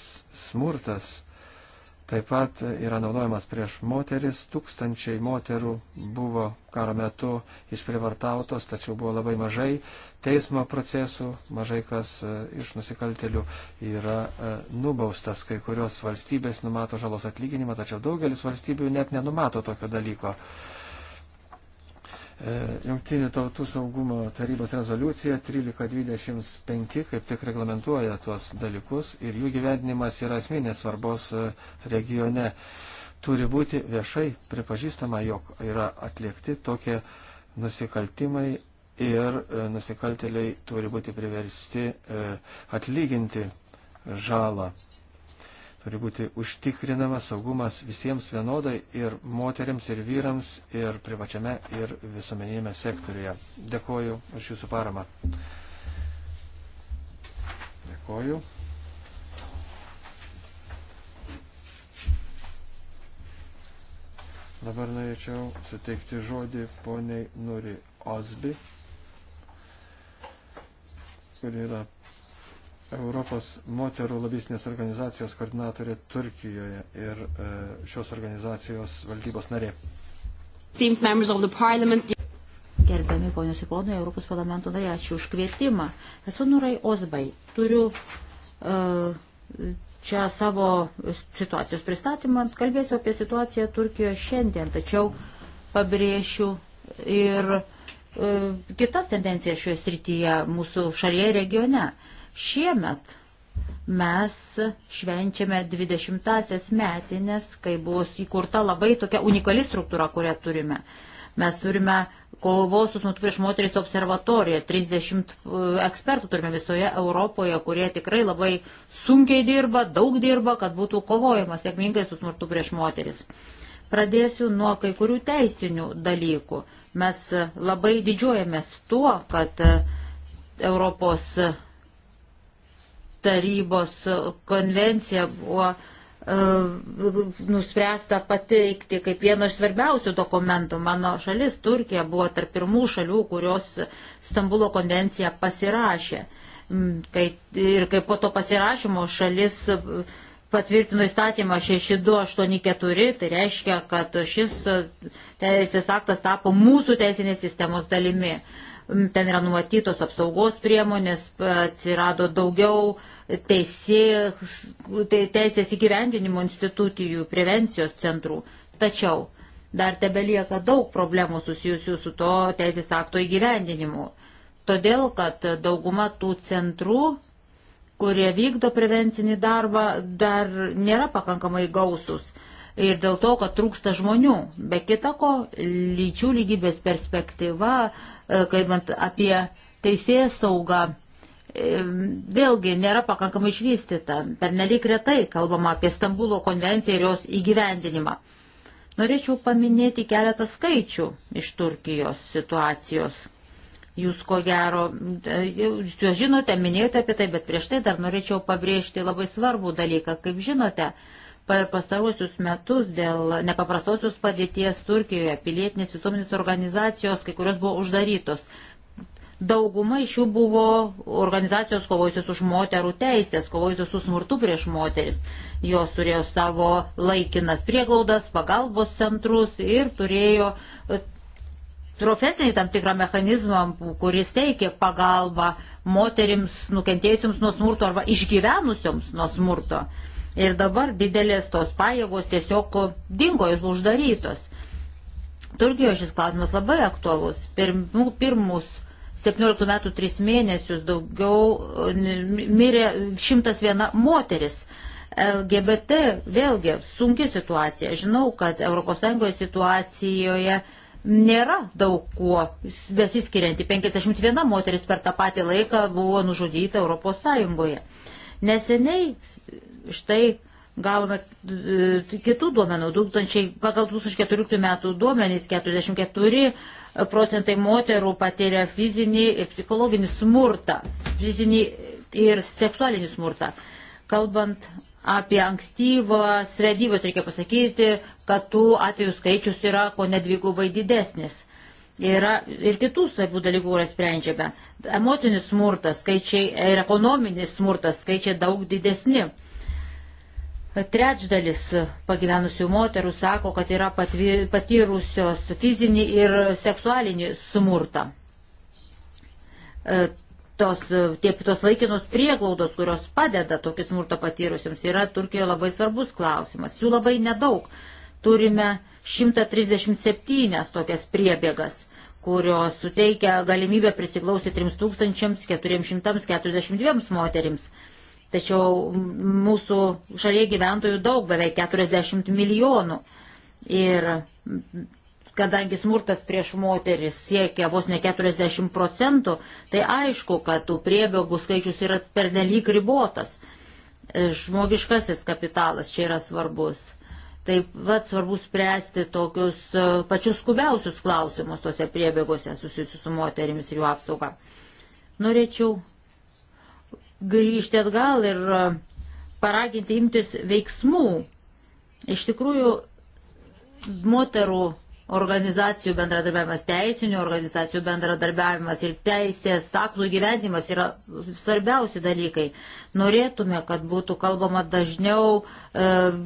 smurtas taip pat yra naudojamas prieš moteris. Tūkstančiai moterų buvo karo metu išprivartautos, tačiau buvo labai mažai teismo procesų, mažai kas e, iš nusikaltelių yra e, nubaustas. Kai kurios valstybės numato žalos atlyginimą, tačiau daugelis valstybių net nenumato tokio dalyko. E, Junktinių tautų saugumo tarybos rezoliucija 1325 kaip tik reglamentuoja tuos dalykus ir jų gyvendinimas yra asmenės svarbos e, regione. Turi būti viešai pripažįstama, jog yra atliekti tokie nusikaltimai ir e, nusikaltėliai turi būti priversti atlyginti žalą. Turi būti užtikrinamas saugumas visiems vienodai ir moteriams, ir vyrams, ir privačiame, ir visuomeninėme sektoriuje. Dėkoju už jūsų paramą. Dėkoju. Dabar norėčiau suteikti žodį poniai Nuri Osbi, kuri yra Europos moterų lobistinės organizacijos koordinatorė Turkijoje ir e, šios organizacijos valdybos narė. Gerbiami ponios ir ponai, Europos parlamento nariai, ačiū už kvietimą. Esu Nurai Ozbai. Turiu e, čia savo situacijos pristatymą. Kalbėsiu apie situaciją Turkijoje šiandien, tačiau pabrėšiu ir e, kitas tendencijas šioje srityje mūsų šalyje regione. Šiemet mes švenčiame 20-asias metinės, kai buvo įkurta labai tokia unikali struktūra, kurią turime. Mes turime kovos su smurtu prieš moteris observatoriją, 30 e, ekspertų turime visoje Europoje, kurie tikrai labai sunkiai dirba, daug dirba, kad būtų kovojama sėkmingai su smurtu prieš moteris. Pradėsiu nuo kai kurių teisinių dalykų. Mes labai didžiuojamės tuo, kad e, Europos tarybos konvencija buvo e, nuspręsta pateikti kaip vieno iš svarbiausių dokumentų. Mano šalis, Turkija, buvo tarp pirmų šalių, kurios Stambulo konvenciją pasirašė. Mm, kai, ir kaip po to pasirašymo šalis patvirtino įstatymą 6284, tai reiškia, kad šis teisės aktas tapo mūsų teisinės sistemos dalimi. Uh, ten yra numatytos apsaugos priemonės, atsirado daugiau teisė, teisės įgyvendinimo institucijų, prevencijos centrų. Tačiau dar tebelieka daug problemų susijusių su to teisės akto įgyvendinimu. Todėl, kad dauguma tų centrų, kurie vykdo prevencinį darbą, dar nėra pakankamai gausus ir dėl to, kad trūksta žmonių. Be kitako, lyčių lygybės perspektyva, e, kalbant apie teisėją saugą, e, vėlgi nėra pakankamai išvystyta. Per nelik retai kalbama apie Stambulo konvenciją ir jos įgyvendinimą. Norėčiau paminėti keletą skaičių iš Turkijos situacijos. Jūs ko gero, e, jūs žinote, minėjote apie tai, bet prieš tai dar norėčiau pabrėžti labai svarbų dalyką. Kaip žinote, Per pastaruosius metus dėl nepaprastosios padėties Turkijoje pilietinės visuomenės organizacijos, kai kurios buvo uždarytos. Dauguma iš jų buvo organizacijos kovojusios už moterų teisės, kovojusios su smurtu prieš moteris. Jos turėjo savo laikinas prieglaudas, pagalbos centrus ir turėjo e, profesinį tam tikrą mechanizmą, kuris teikė pagalbą moterims nukentėjusiems nuo smurto arba išgyvenusioms nuo smurto. Uh, Ir dabar didelės tos pajėgos tiesiog dingo, jos buvo uždarytos. Turkijoje šis klausimas labai aktualus. Pirmų, pirmus 17 metų 3 mėnesius daugiau mirė 101 moteris. LGBT vėlgi sunki situacija. Žinau, kad ES situacijoje nėra daug kuo besiskirianti. 51 moteris per tą patį laiką buvo nužudyta ES. Neseniai štai gavome e, kitų duomenų. 2000, pagal 2014 metų duomenys 44 procentai moterų patiria fizinį ir psichologinį smurtą, fizinį ir seksualinį smurtą. Kalbant apie ankstyvą svedybos, tai reikia pasakyti, kad tų atvejų skaičius yra ko nedvigubai didesnis. Yra ir kitų svarbių dalykų, kurias sprendžiame. Emocinis smurtas, skaičiai ir ekonominis smurtas, skaičiai daug didesni. Trečdalis pagyvenusių moterų sako, kad yra patyrusios fizinį ir seksualinį smurtą. E, tos, tie, tos laikinos prieglaudos, kurios padeda tokį smurtą patyrusiams, yra Turkijoje labai svarbus klausimas. Jų labai nedaug. Turime 137 tokias priebėgas kurios suteikia galimybę prisiglausti 3442 moterims. Tačiau mūsų šalyje gyventojų daug, beveik 40 milijonų. Ir kadangi smurtas prieš moteris siekia vos ne 40 procentų, tai aišku, kad tų priebėgų skaičius yra pernelyg ribotas. Žmogiškasis kapitalas čia yra svarbus. Taip pat svarbu spręsti tokius e, pačius skubiausius klausimus tose priebėgose susijusius su moterimis ir jų apsauga. Norėčiau grįžti atgal ir e, paraginti imtis veiksmų. Iš tikrųjų, moterų organizacijų bendradarbiavimas, teisinių organizacijų bendradarbiavimas ir teisės aktų gyvenimas yra svarbiausi dalykai. Norėtume, kad būtų kalbama dažniau e,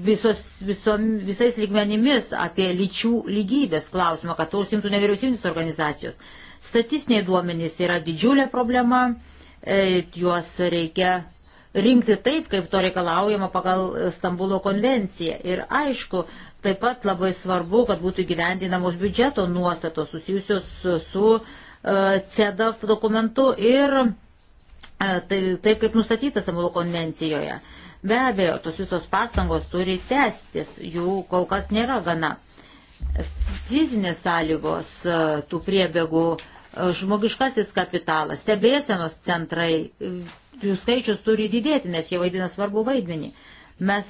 visos, visom, visais lygmenimis apie lyčių lygybės klausimą, kad to užsimtų nevyriausybinės organizacijos. Statistiniai duomenys yra didžiulė problema E, juos reikia rinkti taip, kaip to reikalaujama pagal Stambulo konvenciją. Ir aišku, taip pat labai svarbu, kad būtų gyvendinamos biudžeto nuostatos susijusios su, su uh, e, CEDAF dokumentu ir uh, tai, taip, kaip nustatyta Stambulo konvencijoje. Be abejo, tos visos pastangos turi tęstis, jų kol kas nėra gana. Fizinės sąlygos uh, tų priebėgų uh, žmogiškasis kapitalas, stebėsenos centrai, jų skaičius turi didėti, nes jie vaidina svarbu vaidmenį. Mes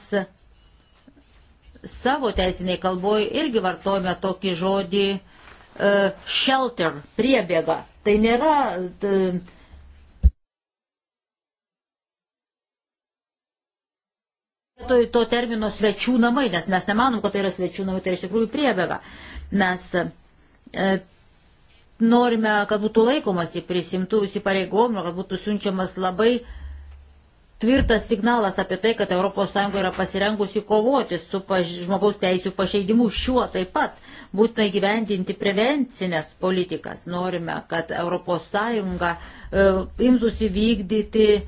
savo teisiniai kalboje irgi vartojame tokį žodį uh, shelter, priebėga. Tai nėra. Uh, Vietoj to termino svečių namai, nes mes nemanom, kad tai yra svečių namai, tai yra iš tikrųjų priebėga. Mes uh, norime, kad būtų laikomas į prisimtų įsipareigojimų, kad būtų siunčiamas labai tvirtas signalas apie tai, kad ES yra pasirengusi kovoti su paž... žmogaus teisų pažeidimu šiuo taip pat. Būtina įgyvendinti prevencinės politikas. Norime, kad ES e, imtųsi vykdyti e,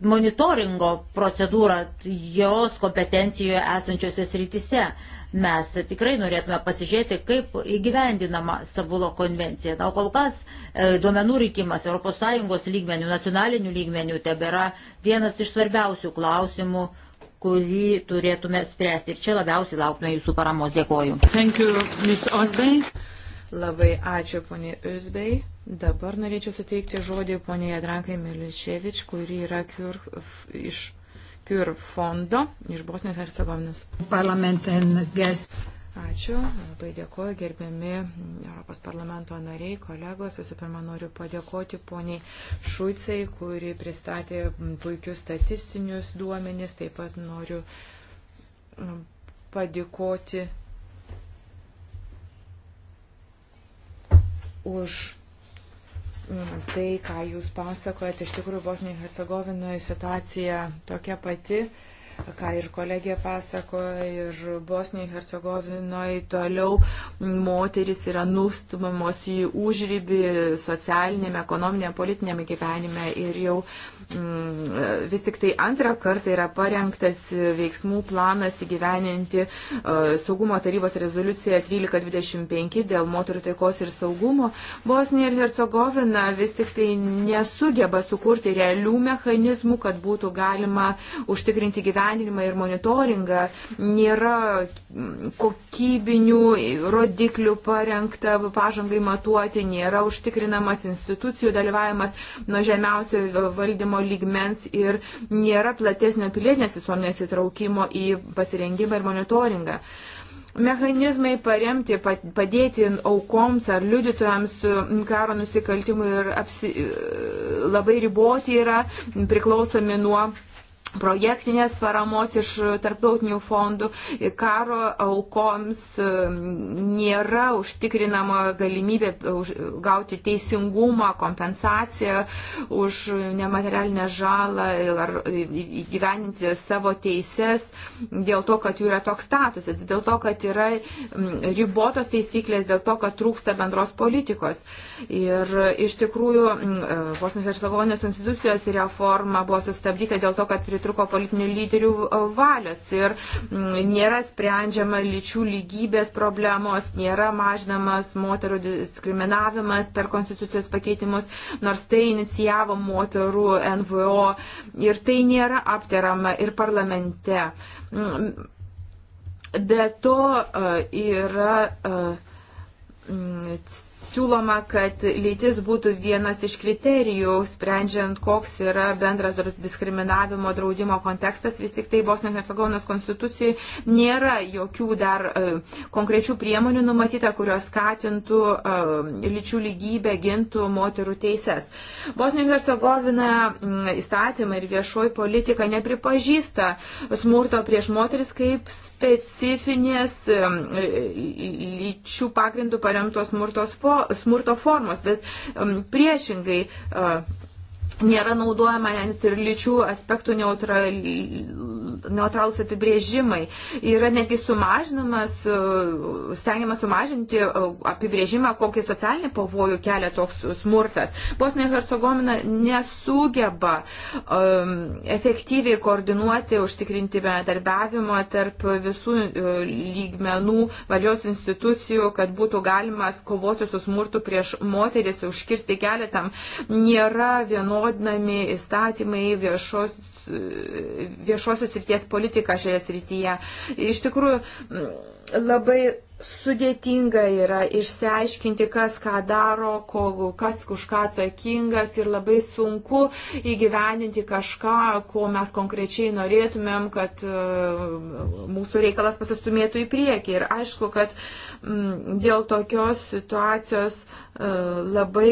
monitoringo procedūrą jos kompetencijoje esančiose srityse. Mes tai tikrai norėtume pasižiūrėti, kaip įgyvendinama Stambulo konvencija. Na, kol kas e, duomenų reikimas ES lygmenių, nacionalinių lygmenių tebėra vienas iš svarbiausių klausimų, kurį turėtume spręsti. Ir čia labiausiai lauktume jūsų paramos. Dėkoju. Thank you, Ms. Osbey. Labai ačiū, ponė Uzbei. Dabar norėčiau suteikti žodį ponė Jadrankai Miliševič, kuri yra Kiur iš Kur fondo iš Bosnijos Hercegovinos. Ačiū, labai dėkoju, gerbiami Europos parlamento nariai, kolegos. Visų pirma, noriu padėkoti poniai Šuicai, kuri pristatė puikius statistinius duomenis. Taip pat noriu um, padėkoti už tai, ką jūs pasakojate, iš tikrųjų Bosnijoje ir Hercegovinoje situacija tokia pati ką ir kolegė pasakoja, ir Bosnijoje, Hercegovinoje toliau moteris yra nustumamos į užrybį socialinėme, ekonominėme, politinėme gyvenime ir jau mm, vis tik tai antrą kartą yra parengtas veiksmų planas įgyveninti uh, saugumo tarybos rezoliuciją 1325 dėl moterų taikos ir saugumo. Bosnija ir Hercegovina vis tik tai nesugeba sukurti realių mechanizmų, kad būtų galima užtikrinti gyvenimą įgyvendinimą ir monitoringą, nėra kokybinių rodiklių parengta pažangai matuoti, nėra užtikrinamas institucijų dalyvavimas nuo žemiausio valdymo lygmens ir nėra platesnio pilietinės visuomenės įtraukimo į pasirengimą ir monitoringą mechanizmai paremti, padėti aukoms ar liudytojams karo nusikaltimų ir apsi, e, labai riboti yra priklausomi nuo projektinės paramos iš tarptautinių fondų, karo aukoms e, nėra užtikrinama galimybė gauti teisingumą, kompensaciją už nematerialinę žalą ar gyveninti savo teises dėl to, kad jų yra toks statusas, dėl to, kad yra ribotos taisyklės, dėl to, kad trūksta bendros politikos. Ir iš tikrųjų, e, Bosnijos ir Slovenijos institucijos reforma buvo sustabdyta dėl to, kad prie pritruko politinių lyderių e, valios ir mm, nėra sprendžiama lyčių lygybės problemos, nėra mažinamas moterų diskriminavimas per konstitucijos pakeitimus, nors tai inicijavo moterų NVO ir tai nėra aptarama ir parlamente. Mm, be to e, yra e, mm, siūloma, kad lytis būtų vienas iš kriterijų, sprendžiant, koks yra bendras diskriminavimo draudimo kontekstas. Vis tik tai Bosnijos Hercegovinos konstitucijai nėra jokių dar e, konkrečių priemonių numatyta, kurios skatintų e, lyčių lygybę, gintų moterų teises. Bosnijos Hercegovina įstatymą ir viešoji politika nepripažįsta smurto prieš moteris kaip specifinės e, lyčių pagrindų paremtos smurto formos, bet priešingai nėra naudojama net ir lyčių aspektų neutral, neutralus apibrėžimai. Yra netgi sumažinamas, e, stengiamas sumažinti e, apibrėžimą, kokį socialinį pavojų kelia toks smurtas. Bosnija Hercegovina nesugeba um, efektyviai koordinuoti, užtikrinti bendarbiavimą tarp visų lygmenų valdžios institucijų, kad būtų galima kovoti su smurtu prieš moteris, užkirsti kelią tam. Nėra vienu vienodinami įstatymai viešos viešosios srities politika šioje srityje. Iš tikrųjų, labai sudėtinga yra išsiaiškinti, kas ką daro, ko, kas už ką atsakingas ir labai sunku įgyveninti kažką, ko mes konkrečiai norėtumėm, kad e, mūsų reikalas pasistumėtų į priekį. Ir aišku, kad dėl tokios situacijos e, labai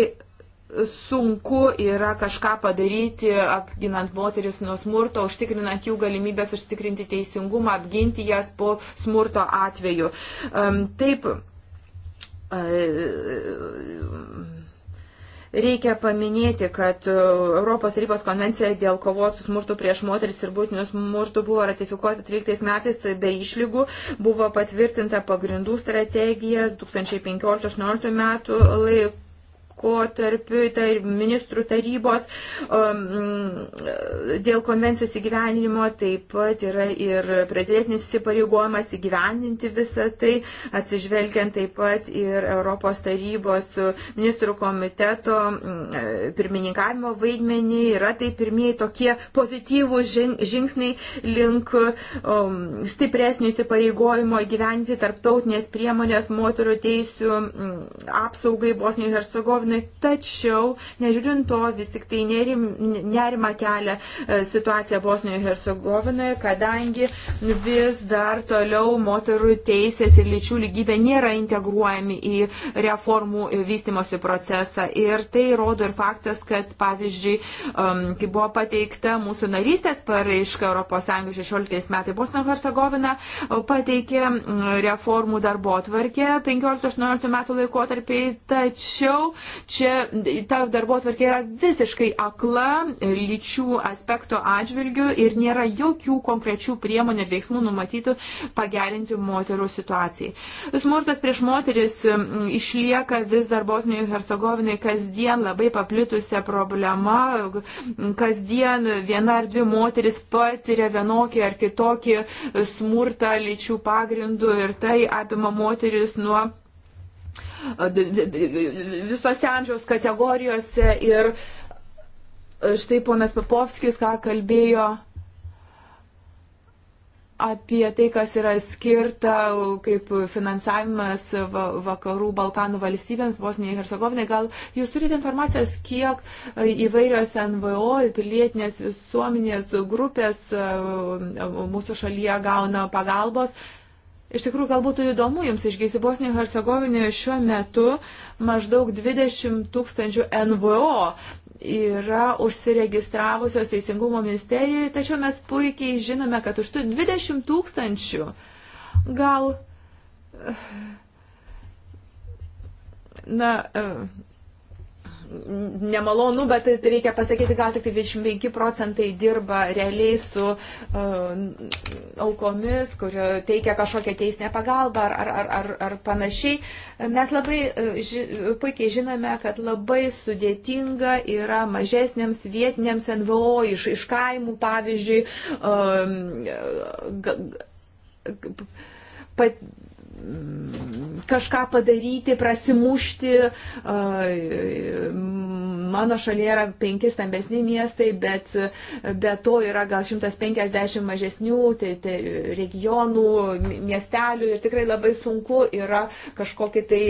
sunku yra kažką padaryti, apginant moteris nuo smurto, užtikrinant jų galimybės užtikrinti teisingumą, apginti jas po smurto atveju. Taip, e, Reikia paminėti, kad Europos tarybos konvencija dėl kovos su smurtu prieš moteris ir būtiniu smurtu buvo ratifikuota 13 metais tai be išlygų, buvo patvirtinta pagrindų strategija 2015-2018 metų laikų laikotarpiu tai ministrų tarybos um, dėl konvencijos įgyveninimo, taip pat yra ir pridėtinis įsipareigojimas įgyveninti visą tai, atsižvelgiant taip pat ir Europos tarybos ministrų komiteto mm, pirmininkavimo vaidmenį, yra tai pirmieji tokie pozityvūs žingsniai link um, stipresnių įsipareigojimo įgyventi tarptautinės priemonės moterų teisų mm, apsaugai Bosnijoje ir Hercegovinai Jordanui, tačiau, nežiūrint to, vis tik tai nerim, nerima kelia e, situacija Bosnijoje ir Hercegovinoje, kadangi vis dar toliau moterų teisės ir lyčių lygybė nėra integruojami į reformų vystimosi procesą. Ir tai rodo ir faktas, kad, pavyzdžiui, kai buvo pateikta mūsų narystės paraiška ES 16 metai, Bosnija ir Hercegovina pateikė reformų darbo atvarkę 15-18 metų laikotarpiai, tačiau Čia ta darbo atvarkė yra visiškai akla lyčių aspekto atžvilgių ir nėra jokių konkrečių priemonių ir veiksmų numatytų pagerinti moterų situacijai. Smurtas prieš moteris išlieka vis dar Bosnijoje ir Hercegovinai kasdien labai paplitusią problemą. Kasdien viena ar dvi moteris patiria vienokį ar kitokį smurtą lyčių pagrindų ir tai apima moteris nuo visose amžiaus kategorijose ir e, štai ponas Papovskis, ką kalbėjo apie tai, kas yra skirta kaip finansavimas vakarų Balkanų valstybėms, Bosnijai ir Hercegovinai. Gal jūs turite informacijos, kiek e, įvairios NVO, pilietinės visuomenės grupės e, mūsų šalyje gauna pagalbos? Iš tikrųjų, gal būtų įdomu jums išgirsti, Bosnijoje Hercegovinoje šiuo metu maždaug 20 tūkstančių NVO yra užsiregistravusios Teisingumo ministerijoje, tačiau mes puikiai žinome, kad už tų 20 tūkstančių gal. Eh, na, eh, nemalonu, bet tai reikia pasakyti, gal tik 25 tai procentai dirba realiai su uh, aukomis, kurio teikia kažkokią teisinę pagalbą ar, ar, ar, ar, ar panašiai. Mes labai uh, ži, puikiai žinome, kad labai sudėtinga yra mažesnėms vietinėms NVO iš, iš kaimų, pavyzdžiui, um, uh, pat kažką padaryti, prasimušti. Mano šalyje yra penki stambesni miestai, bet be to yra gal 150 mažesnių tai, tai regionų, miestelių ir tikrai labai sunku yra kažkokį tai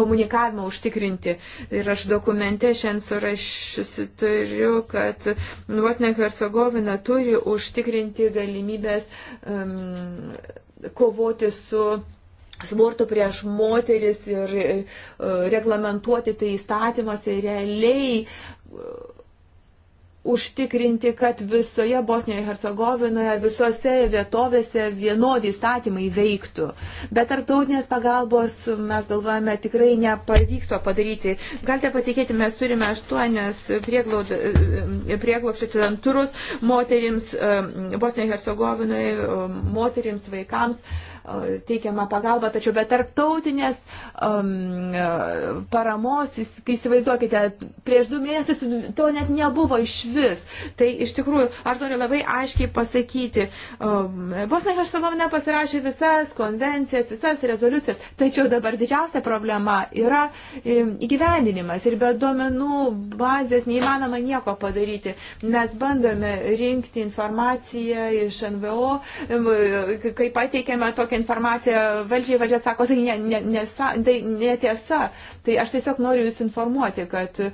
komunikavimą užtikrinti. Ir aš dokumente šiandien surašysiu turiu, kad Vosnė Hercegovina turi užtikrinti galimybės um, kovoti su smurtų prieš moteris ir e, reglamentuoti tai įstatymuose ir realiai e, užtikrinti, kad visoje Bosnijoje, Hercegovinoje, visose vietovėse vienodi įstatymai veiktų. Bet tarptautinės pagalbos, mes galvojame, tikrai nepavyks to padaryti. Galite patikėti, mes turime aštuonias e, prieglopščio centrus moterims Bosnijoje, Hercegovinoje, moterims, vaikams teikiama pagalba, tačiau be tarptautinės um, paramos, įsivaizduokite, prieš du mėnesius to net nebuvo iš vis. Tai iš tikrųjų, aš noriu labai aiškiai pasakyti, um, Bosnija Hercegovina pasirašė visas konvencijas, visas rezoliucijas, tačiau dabar didžiausia problema yra um, įgyvendinimas ir be duomenų bazės neįmanoma nieko padaryti. Mes bandome rinkti informaciją iš NVO, um, kai pateikėme tokią tokią informaciją valdžiai, valdžia sako, tai, ne, ne, nesa, tai netiesa. Tai aš tiesiog noriu Jūs informuoti, kad e,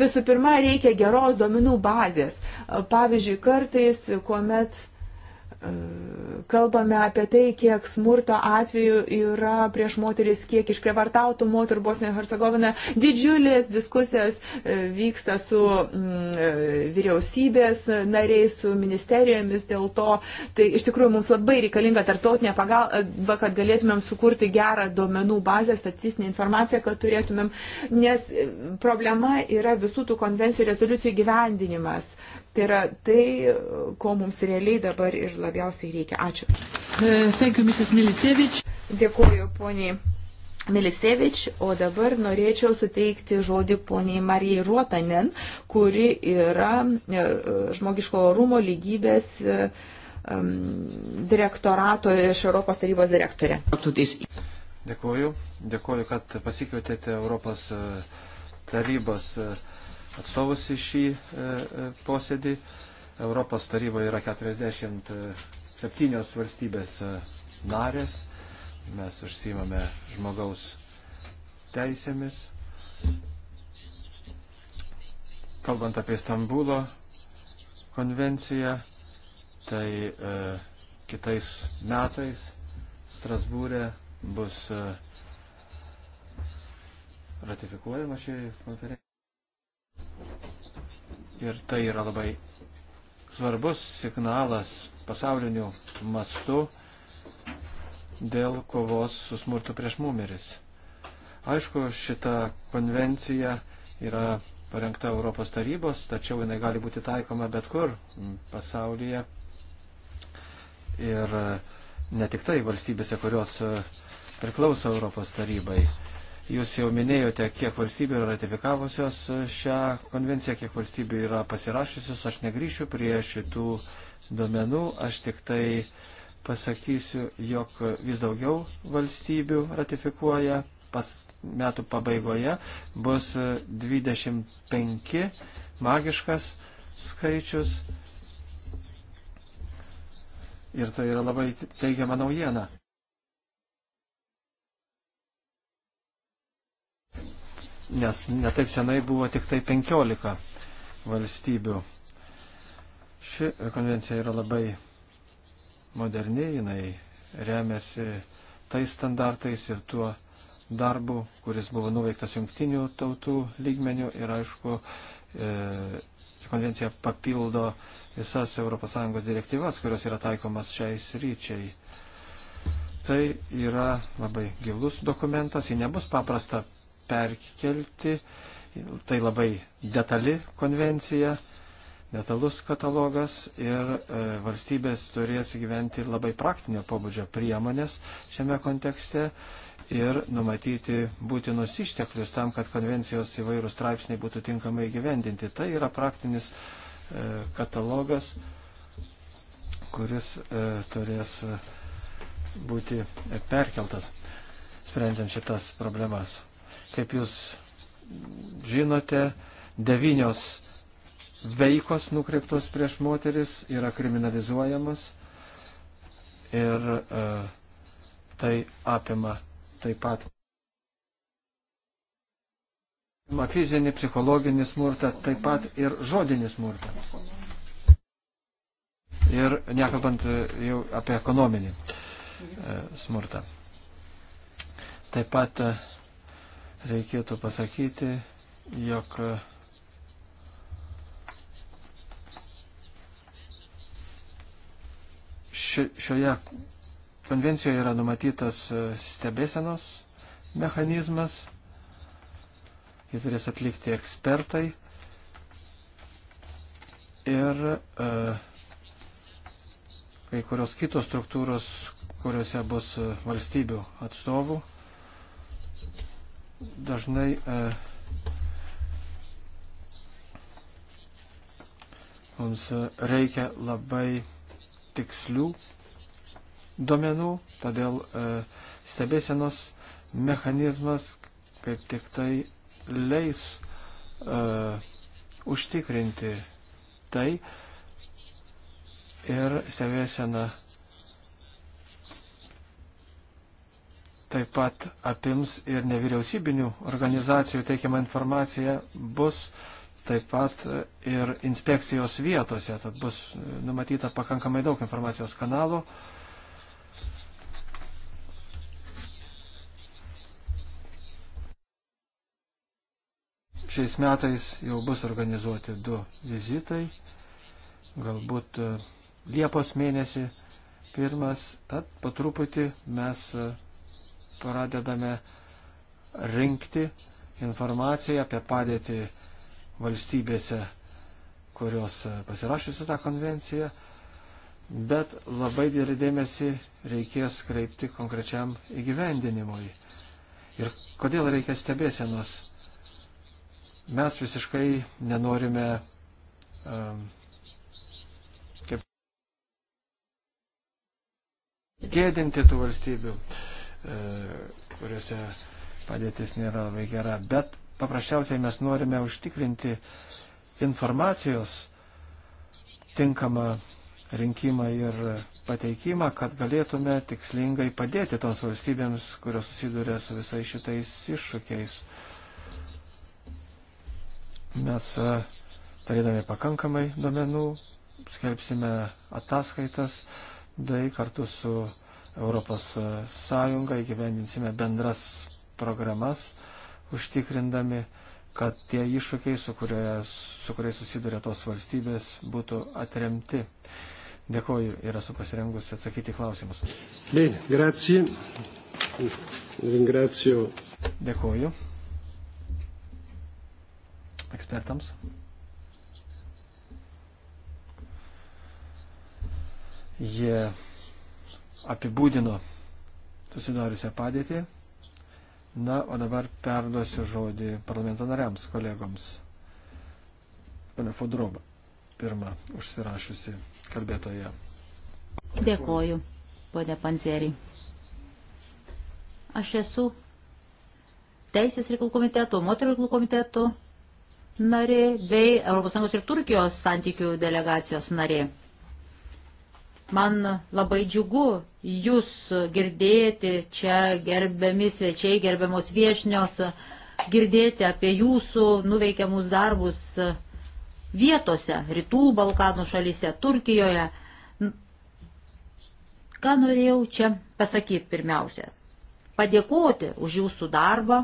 visų pirma reikia geros duomenų bazės. Pavyzdžiui, kartais, kuomet kalbame apie tai, kiek smurto atveju yra prieš moteris, kiek išprievartautų moterų Bosnijoje ir Hercegovinoje. Didžiulės diskusijos e, vyksta su mm, e, vyriausybės nariais, su ministerijomis dėl to. Tai iš tikrųjų mums labai reikalinga tarptautinė pagalba, kad galėtumėm sukurti gerą duomenų bazę, statistinę informaciją, kad turėtumėm, nes e, problema yra visų tų konvencijų rezoliucijų gyvendinimas. Tai yra tai, ko mums realiai dabar ir labiausiai reikia. Ačiū. E, thank you, Mrs. Milicevič. Dėkuoju, poniai Milicevič. O dabar norėčiau suteikti žodį poniai Marijai Ruotanen, kuri yra e, žmogiško rūmo lygybės e, direktorato iš Europos tarybos direktorė. Dėkuoju. Dėkuoju, kad pasikvietėte Europos tarybos direktorę atstovus į šį e, e, posėdį. Europos taryboje yra 47 e, valstybės narės. Mes užsimame žmogaus teisėmis. Kalbant apie Stambulo konvenciją, tai e, kitais metais Strasbūrė bus ratifikuojama ši konferencija. Ir tai yra labai svarbus signalas pasauliniu mastu dėl kovos su smurtu prieš mumeris. Aišku, šita konvencija yra parengta Europos tarybos, tačiau jinai gali būti taikoma bet kur pasaulyje. Ir ne tik tai valstybėse, kurios e, priklauso Europos tarybai. Jūs jau minėjote, kiek valstybių yra ratifikavusios šią konvenciją, kiek valstybių yra pasirašysios. Aš negryšiu prie šitų duomenų, aš tik tai pasakysiu, jog vis daugiau valstybių ratifikuoja. Pas metų pabaigoje bus 25 magiškas skaičius. Ir tai yra labai teigiama naujiena. nes netaip senai buvo tik tai 15 valstybių. Ši konvencija yra labai moderni, jinai remiasi tais standartais ir tuo darbu, kuris buvo nuveiktas jungtinių tautų lygmenių ir aišku, e, konvencija papildo visas ES direktyvas, kurios yra taikomas šiais ryčiai. Tai yra labai gilus dokumentas, jį nebus paprasta perkelti. Tai labai detali konvencija, detalus katalogas ir e, valstybės turės gyventi labai praktinio pobūdžio priemonės šiame kontekste ir numatyti būtinus išteklius tam, kad konvencijos įvairių straipsniai būtų tinkamai gyvendinti. Tai yra praktinis e, katalogas, kuris e, turės e, būti perkeltas, sprendžiant šitas problemas. Kaip jūs žinote, devynios veikos nukreiptos prieš moteris yra kriminalizuojamos ir e, tai apima taip pat. Ma fizinį, psichologinį smurtą, taip pat ir žodinį smurtą. Ir nekalbant jau apie ekonominį e, smurtą. Taip pat e, reikėtų pasakyti, jog šioje konvencijoje yra numatytas e, stebėsenos mechanizmas, jį turės atlikti ekspertai ir e, kai kurios kitos struktūros, kuriuose bus e, valstybių atstovų dažnai e, mums reikia labai tikslių duomenų, todėl e, stebėsenos mechanizmas kaip tik tai leis e, užtikrinti tai ir stebėsena taip pat apims ir nevyriausybinių organizacijų teikiama informacija bus taip pat e, ir inspekcijos vietose, tad bus e, numatyta pakankamai daug informacijos kanalų. Šiais metais jau bus organizuoti du vizitai, galbūt e, Liepos mėnesį pirmas, tad po truputį mes pradedame rinkti informaciją apie padėtį valstybėse, kurios pasirašysi tą konvenciją, bet labai didelį dėmesį reikės kreipti konkrečiam įgyvendinimui. Ir kodėl reikia stebėsenos? Mes visiškai nenorime um, kaip gėdinti tų valstybių. Uh, E, kuriuose padėtis nėra labai gera, bet paprasčiausiai mes norime užtikrinti informacijos tinkamą rinkimą ir pateikimą, kad galėtume tikslingai padėti toms valstybėms, kurios susiduria su visais šitais iššūkiais. Mes e, turėdami pakankamai duomenų, skelbsime ataskaitas, tai kartu su uh, Europos e, Sąjungą, įgyvendinsime bendras programas, užtikrindami, kad tie iššūkiai, su, kurioje, su kuriais susiduria tos valstybės, būtų atremti. Dėkoju ir esu pasirengusi atsakyti klausimus. Bene, grazie. Ringrazio. Dėkoju ekspertams. Jie yeah apibūdino susidariusią padėtį. Na, o dabar perduosiu žodį parlamento nariams, kolegoms. Pane Fodroba, pirmą užsirašusi kalbėtoje. Dėkoju, ponė Panzerį. Aš esu Teisės reikalų komiteto, moterų reikalų komiteto narė bei ES ir Turkijos santykių delegacijos narė. Man labai džiugu jūs girdėti čia, gerbiami svečiai, gerbiamos viešnios, girdėti apie jūsų nuveikiamus darbus vietose, rytų Balkanų šalyse, Turkijoje. Ką norėjau čia pasakyti pirmiausia? Padėkoti už jūsų darbą,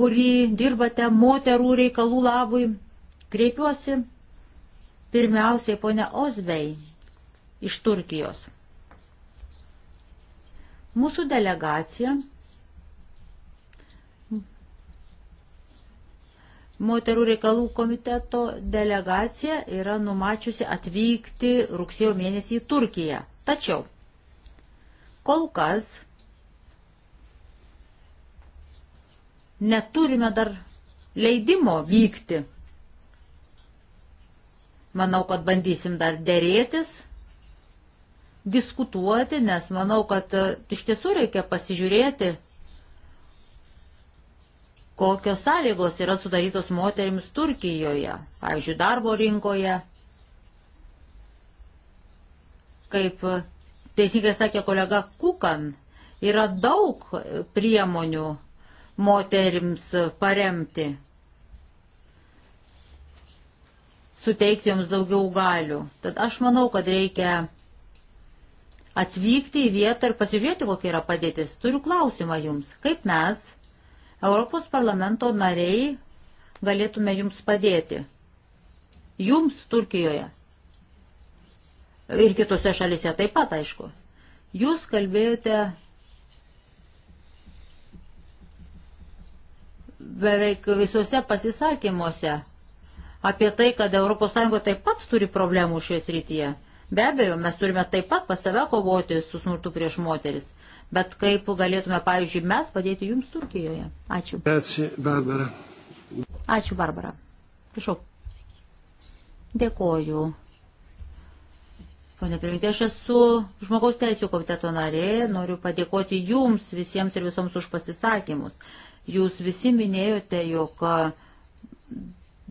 kurį dirbate moterų reikalų labui. Kreipiuosi Pirmiausiai ponia Ozbei iš Turkijos. Mūsų delegacija Moterų reikalų komiteto delegacija yra numačiusi atvykti rugsėjo mėnesį į Turkiją. Tačiau kol kas neturime dar leidimo vykti Manau, kad bandysim dar dėrėtis, diskutuoti, nes manau, kad e, iš tiesų reikia pasižiūrėti, kokios sąlygos yra sudarytos moterims Turkijoje, pavyzdžiui, darbo rinkoje, kaip teisingai sakė kolega Kukan, yra daug priemonių moterims paremti suteikti joms daugiau galių. Tad aš manau, kad reikia atvykti į vietą ir pasižiūrėti, kokia yra padėtis. Turiu klausimą jums, kaip mes, Europos parlamento nariai, galėtume jums padėti. Jums Turkijoje. Ir kitose šalise taip pat, aišku. Jūs kalbėjote beveik visuose pasisakymuose apie tai, kad ES taip pat turi problemų šioje srityje. Be abejo, mes turime taip pat pas save kovoti su smurtu prieš moteris. Bet kaip galėtume, pavyzdžiui, mes padėti jums Turkijoje? Ačiū. Ačiū, Barbara. Ačiū, Barbara. Prašau. Dėkoju. Pane pirmininkė, aš esu žmogaus teisų komiteto narė, noriu padėkoti jums visiems ir visoms už pasisakymus. Jūs visi minėjote, jog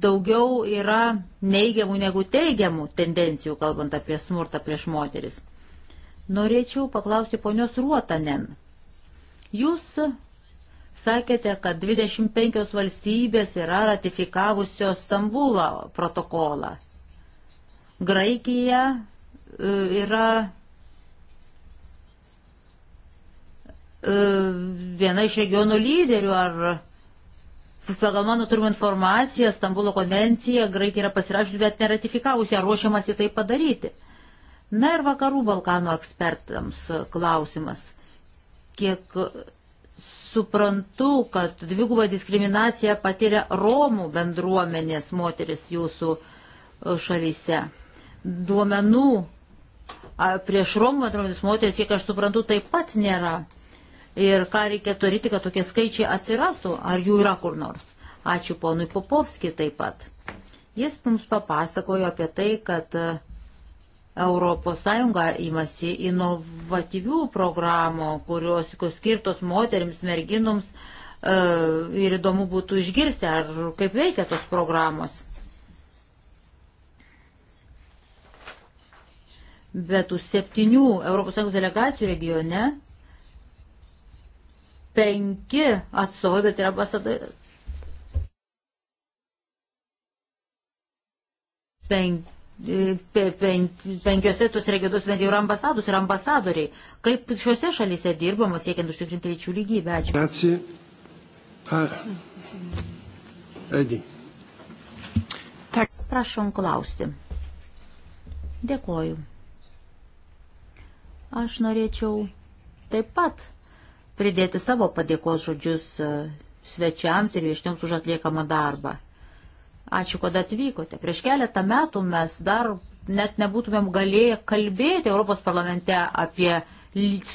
daugiau yra neigiamų negu teigiamų tendencijų, kalbant apie smurtą prieš moteris. Norėčiau paklausti ponios Ruotanen. Jūs sakėte, kad 25 valstybės yra ratifikavusios Stambulo protokolą. Graikija e, yra e, viena iš regionų lyderių ar pagal mano turimą informaciją, Stambulo konvenciją Graikija yra pasirašusi, bet neratifikavusi, ar ruošiamasi tai padaryti. Na ir vakarų Balkanų ekspertams klausimas. Kiek suprantu, kad dvigubą diskriminaciją patiria Romų bendruomenės moteris jūsų šalyse. Duomenų prieš Romų bendruomenės moteris, kiek aš suprantu, taip pat nėra ir ką reikia turėti, kad tokie skaičiai atsirastų, ar jų yra kur nors. Ačiū ponui Popovski taip pat. Jis mums papasakojo apie tai, kad ES imasi inovatyvių programų, kurios skirtos moteriams, merginoms e, ir įdomu būtų išgirsti, ar kaip veikia tos programos. Bet tų septynių ES delegacijų regione penki atstovai, bet tai yra ambasadoriai. Pen, pen, pen, penkiose tos regionos bent jau yra ambasadus ir ambasadoriai. Kaip šiuose šalyse dirbama siekiant užtikrinti lyčių lygybę? Ačiū. Ačiū. Ah. Edi. Prašom klausti. Dėkoju. Aš norėčiau taip pat pridėti savo padėkos žodžius e, svečiams ir viešnėms už atliekamą darbą. Ačiū, kad atvykote. Prieš keletą metų mes dar net nebūtumėm galėję kalbėti Europos parlamente apie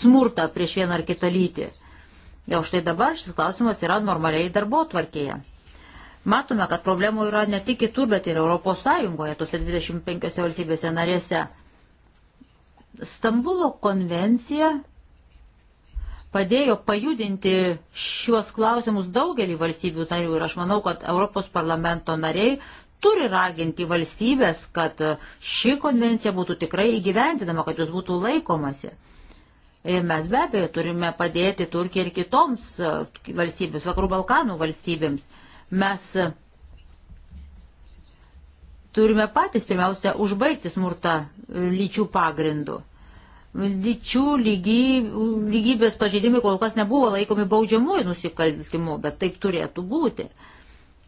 smurtą prieš vieną ar kitą lytį. Jau štai dabar šis klausimas yra normaliai darbo tvarkėje. Matome, kad problemų yra ne tik kitur, bet ir Europos Sąjungoje, tose 25 valstybėse narėse. Stambulo konvencija padėjo pajudinti šiuos klausimus daugelį valstybių narių ir aš manau, kad Europos parlamento nariai turi raginti valstybės, kad ši konvencija būtų tikrai įgyventinama, kad jūs būtų laikomasi. Ir mes be abejo turime padėti Turkijai ir kitoms e, valstybėms, Vakarų Balkanų valstybėms. Mes turime patys pirmiausia užbaigti smurtą lyčių pagrindų lyčių lygy, lygybės pažeidimai kol kas nebuvo laikomi baudžiamųjų nusikaltimų, bet taip turėtų būti.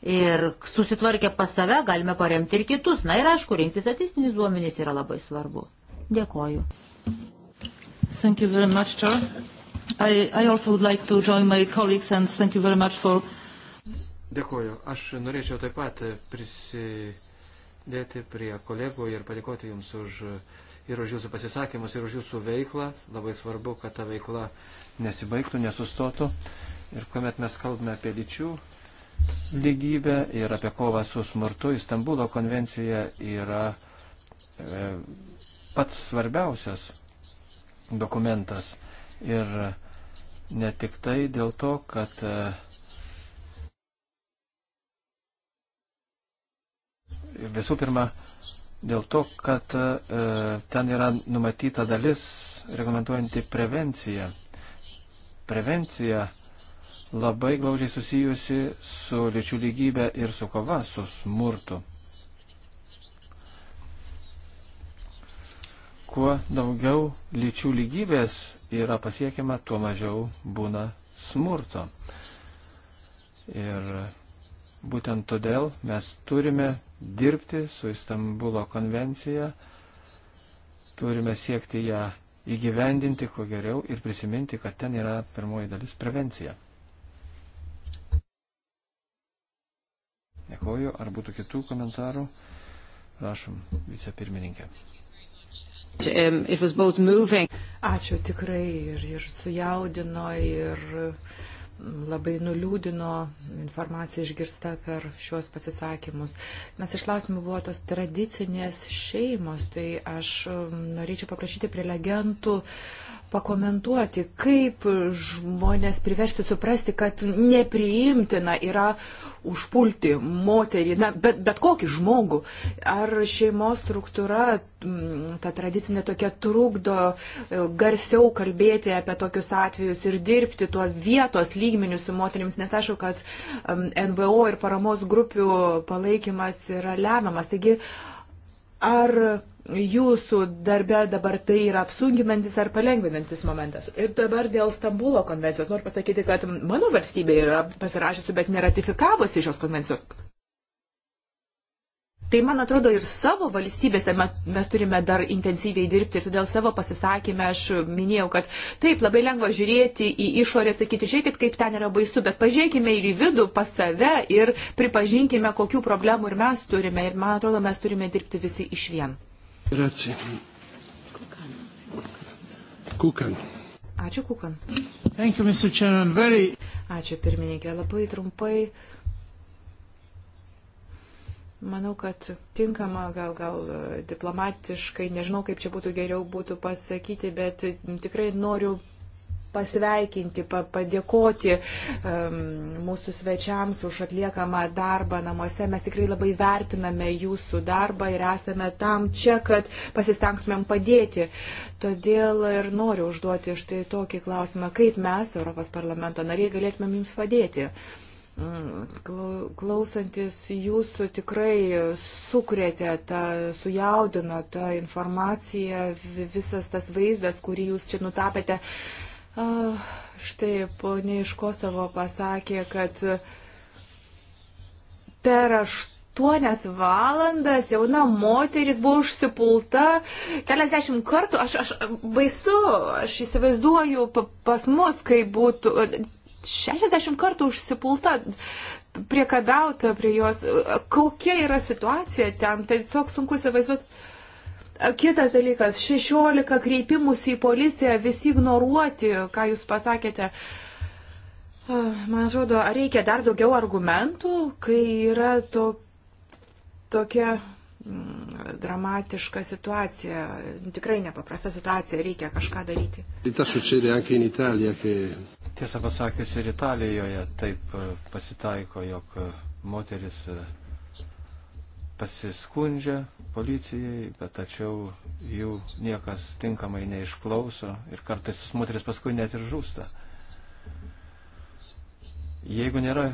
Ir susitvarkę pas save galime paremti ir kitus. Na ir aišku, rinkti statistinius duomenys yra labai svarbu. Dėkoju. Thank you very much, Chair. I, I also would like to join my colleagues and thank you very much for. Dėkuoju. Aš norėčiau taip pat prisidėti prie kolegų ir padėkoti Jums už uh, ir už jūsų pasisakymus, ir už jūsų veiklą. Labai svarbu, kad ta veikla nesibaigtų, nesustotų. Ir kuomet mes kalbame apie lyčių lygybę ir apie kovą su smurtu, Istanbulo konvencija yra e, pats svarbiausias dokumentas. Ir ne tik tai dėl to, kad e, visų pirma, dėl to, kad e, ten yra numatyta dalis reglamentuojanti prevenciją. Prevencija labai glaudžiai susijusi su lyčių lygybė ir su kova su smurtu. Kuo daugiau lyčių lygybės yra pasiekiama, tuo mažiau būna smurto. Ir Būtent todėl mes turime dirbti su Istanbulo konvencija, turime siekti ją įgyvendinti kuo geriau ir prisiminti, kad ten yra pirmoji dalis prevencija. Dėkoju, ar būtų kitų komentarų? Prašom, vicepirmininkė. Um, Ačiū tikrai ir, ir sujaudino, ir labai nuliūdino informacija išgirsta per šiuos pasisakymus. Nes iš klausimų buvo tos tradicinės šeimos, tai aš norėčiau paprašyti prelegentų pakomentuoti, kaip žmonės priversti suprasti, kad nepriimtina yra užpulti moterį, na, bet, bet kokį žmogų. Ar šeimos struktūra, ta tradicinė tokia, trukdo e, garsiau kalbėti apie tokius atvejus ir dirbti tuo vietos lygmeniu su moterims, nes aišku, kad NVO ir paramos grupių palaikymas yra lemiamas. Taigi, uh, Ar jūsų darbė dabar tai yra apsunkinantis ar palengvinantis momentas. Ir dabar dėl Stambulo konvencijos noriu pasakyti, kad mano valstybė yra pasirašysi, bet neratifikavusi šios konvencijos. Tai man atrodo ir savo valstybėse mes turime dar intensyviai dirbti ir todėl savo pasisakymę aš minėjau, kad taip labai lengva žiūrėti į išorę, sakyti, žiūrėkit, kaip ten yra baisu, bet pažiūrėkime ir į vidų pas save ir pripažinkime, kokių problemų ir mes turime ir man atrodo mes turime dirbti visi iš vien. Grazie. Kukan. Ačiū, Kukan. Thank you, Mr. Chairman. Very... Ačiū, pirmininkė. Labai trumpai Manau, kad tinkama, gal, gal diplomatiškai, nežinau, kaip čia būtų geriau būtų pasakyti, bet tikrai noriu pasveikinti, pa, padėkoti um, mūsų svečiams už atliekamą darbą namuose. Mes tikrai labai vertiname jūsų darbą ir esame tam čia, kad pasistengtumėm padėti. Todėl ir noriu užduoti štai tokį klausimą, kaip mes, Europos parlamento nariai, galėtumėm jums padėti. Uh, Klausantis jūsų tikrai sukrėtė, ta, sujaudino ta informacija, visas tas vaizdas, kurį jūs čia nutapėte. Štai ponė iš Kosovo pasakė, kad per aštuonias valandas jauna moteris buvo užsipulta keliasdešimt kartų. Aš, aš baisu, aš įsivaizduoju pas mus, kai būtų 60 kartų užsipulta priekabiauta prie jos. Kokia yra situacija ten, tai tiesiog sunku įsivaizduoti. Kitas dalykas, 16 kreipimusi į policiją, visi ignoruoti, ką jūs pasakėte. Ah, man atrodo, reikia dar daugiau argumentų, kai yra to, tokia mm, dramatiška situacija, tikrai nepaprasta situacija, reikia kažką daryti. Tiesą pasakius, ir Italijoje taip e, pasitaiko, jog e, moteris e, pasiskundžia policijai, bet tačiau jų niekas tinkamai neišklauso ir kartais tos moteris paskui net ir žūsta. Jeigu nėra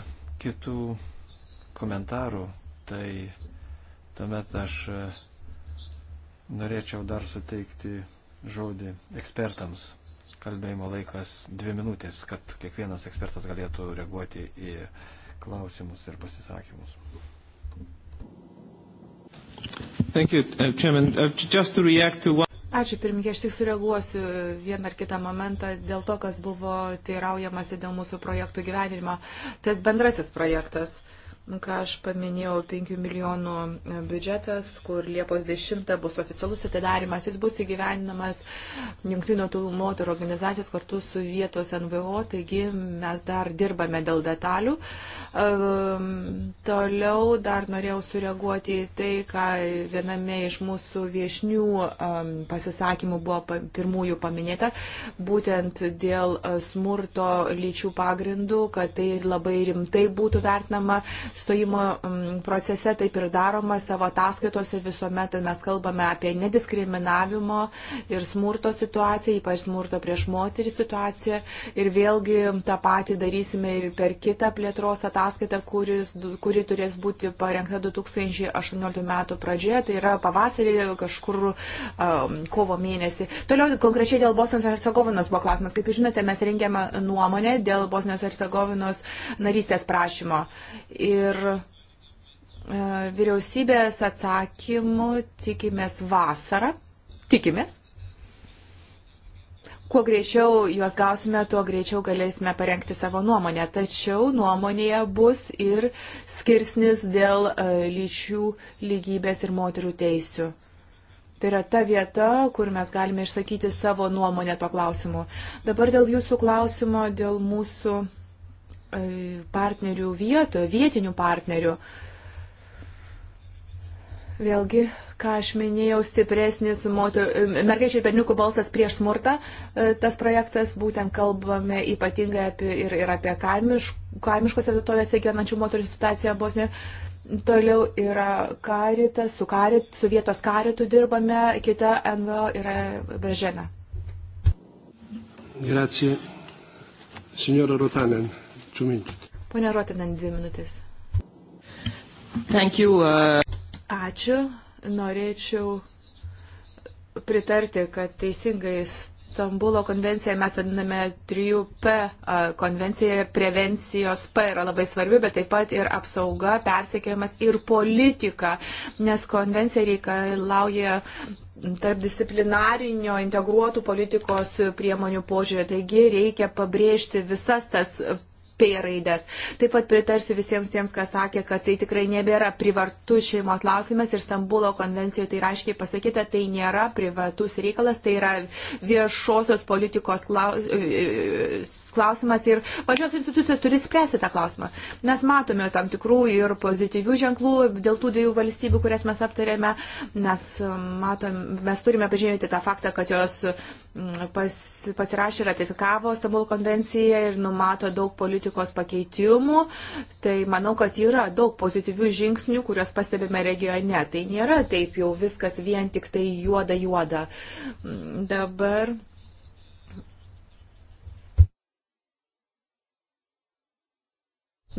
kitų komentarų, tai tuomet aš norėčiau dar suteikti žodį ekspertams kalbėjimo laikas dvi minutės, kad kiekvienas ekspertas galėtų reaguoti į klausimus ir pasisakymus. You, uh, uh, to to... Ačiū pirmininkė, aš tik sureaguosiu vieną ar kitą momentą dėl to, kas buvo teiraujamasi dėl mūsų projektų gyvenimo. Tas bendrasis projektas. Nu, ką aš paminėjau, 5 milijonų e, biudžetas, kur Liepos 10 bus oficialus atidarimas, jis bus įgyvendinamas Junktinių tautų moterų organizacijos kartu su vietos NVO, taigi mes dar dirbame dėl detalių. Ehm, toliau dar norėjau sureaguoti į tai, ką viename iš mūsų viešnių ehm, pasisakymų buvo pirmųjų paminėta, būtent dėl e, smurto lyčių pagrindų, kad tai labai rimtai būtų vertinama stojimo procese, taip ir daroma savo ataskaitose visuomet. Mes kalbame apie nediskriminavimo ir smurto situaciją, ypač smurto prieš moterį situaciją. Ir vėlgi tą patį darysime ir per kitą plėtros ataskaitą, kuris, kuri turės būti parengta 2018 metų pradžioje, tai yra pavasarį kažkur um, kovo mėnesį. Toliau konkrečiai dėl Bosnijos ir Hercegovinos buvo klausimas. Kaip žinote, mes rengėme nuomonę dėl Bosnijos ir Hercegovinos narystės prašymo. Ir ir e, vyriausybės atsakymų tikimės vasarą. Tikimės. Kuo greičiau juos gausime, tuo greičiau galėsime parengti savo nuomonę. Tačiau nuomonėje bus ir skirsnis dėl e, lyčių lygybės ir moterų teisių. Tai yra ta vieta, kur mes galime išsakyti savo nuomonę to klausimu. Dabar dėl jūsų klausimo, dėl mūsų E, partnerių vietoje, vietinių partnerių. Vėlgi, ką aš minėjau, stipresnis moter... mergaičių ir berniukų balsas prieš smurtą, e, tas projektas būtent kalbame ypatingai apie, ir, ir apie kaimiš... kaimiškose vietovėse gyvenančių moterų situaciją Bosnijoje. Toliau yra karitas, su, karit, su vietos karitu dirbame, kita NVO yra Bežena. Grazie. Signora Rotanen. Pone Rotinan, dvi minutės. Thank you. Uh... Ačiū. Norėčiau pritarti, kad teisingai Stambulo konvenciją mes vadiname 3P uh, konvenciją ir prevencijos P yra labai svarbi, bet taip pat ir apsauga, persekiojimas ir politika, nes konvencija reikalauja tarp disciplinarinio integruotų politikos priemonių požiūrį. Taigi reikia pabrėžti visas tas P raidės. Taip pat pritarsiu visiems tiems, kas sakė, kad tai tikrai nebėra privartus šeimos klausimas ir Stambulo konvencijoje tai aiškiai pasakyta, tai nėra privatus reikalas, tai yra viešosios politikos klaus... E, e, klausimas ir pačios institucijos turi spręsti tą klausimą. Mes matome tam tikrų ir pozityvių ženklų dėl tų dviejų valstybių, kurias mes aptarėme. Mes, um, matom, mes turime pažymėti tą faktą, kad jos mm, pas, pasirašė, ratifikavo Stambulo konvenciją ir numato daug politikos pakeitimų. Tai manau, kad yra daug pozityvių žingsnių, kuriuos pastebime regione. Tai nėra taip jau viskas vien tik tai juoda juoda. Mm, dabar.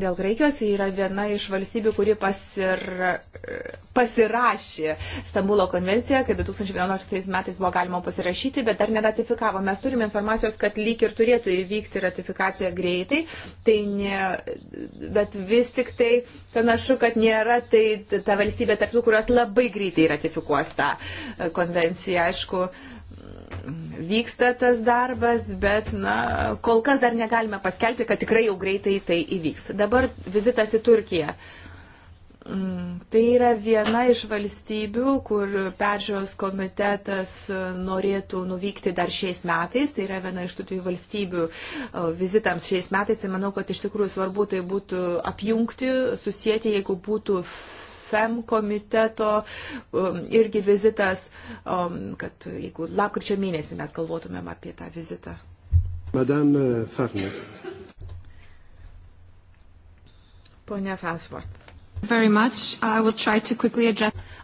Dėl Graikijos yra viena iš valstybių, kuri pasir, pasirašė Stambulo konvenciją, kai 2011 metais buvo galima pasirašyti, bet dar neratifikavo. Mes turime informacijos, kad lyg ir turėtų įvykti ratifikacija greitai, tai ne, bet vis tik tai panašu, kad nėra tai ta valstybė tarp tų, kurios labai greitai ratifikuos tą konvenciją. Aišku, uh, vyksta tas darbas, bet na, kol kas dar negalime paskelbti, kad tikrai jau greitai tai įvyks. Dabar vizitas į Turkiją. Mm, tai yra viena iš valstybių, kur peržiūros komitetas e, norėtų nuvykti dar šiais metais. Tai yra viena iš tų dviejų valstybių e, vizitams šiais metais. Tai manau, kad iš tikrųjų svarbu tai būtų apjungti, susijęti, jeigu būtų FEM komiteto um, irgi vizitas, um, kad jeigu lapkričio mėnesį mes galvotumėm apie tą vizitą. Madame uh, Farnest. Pone Fasworth.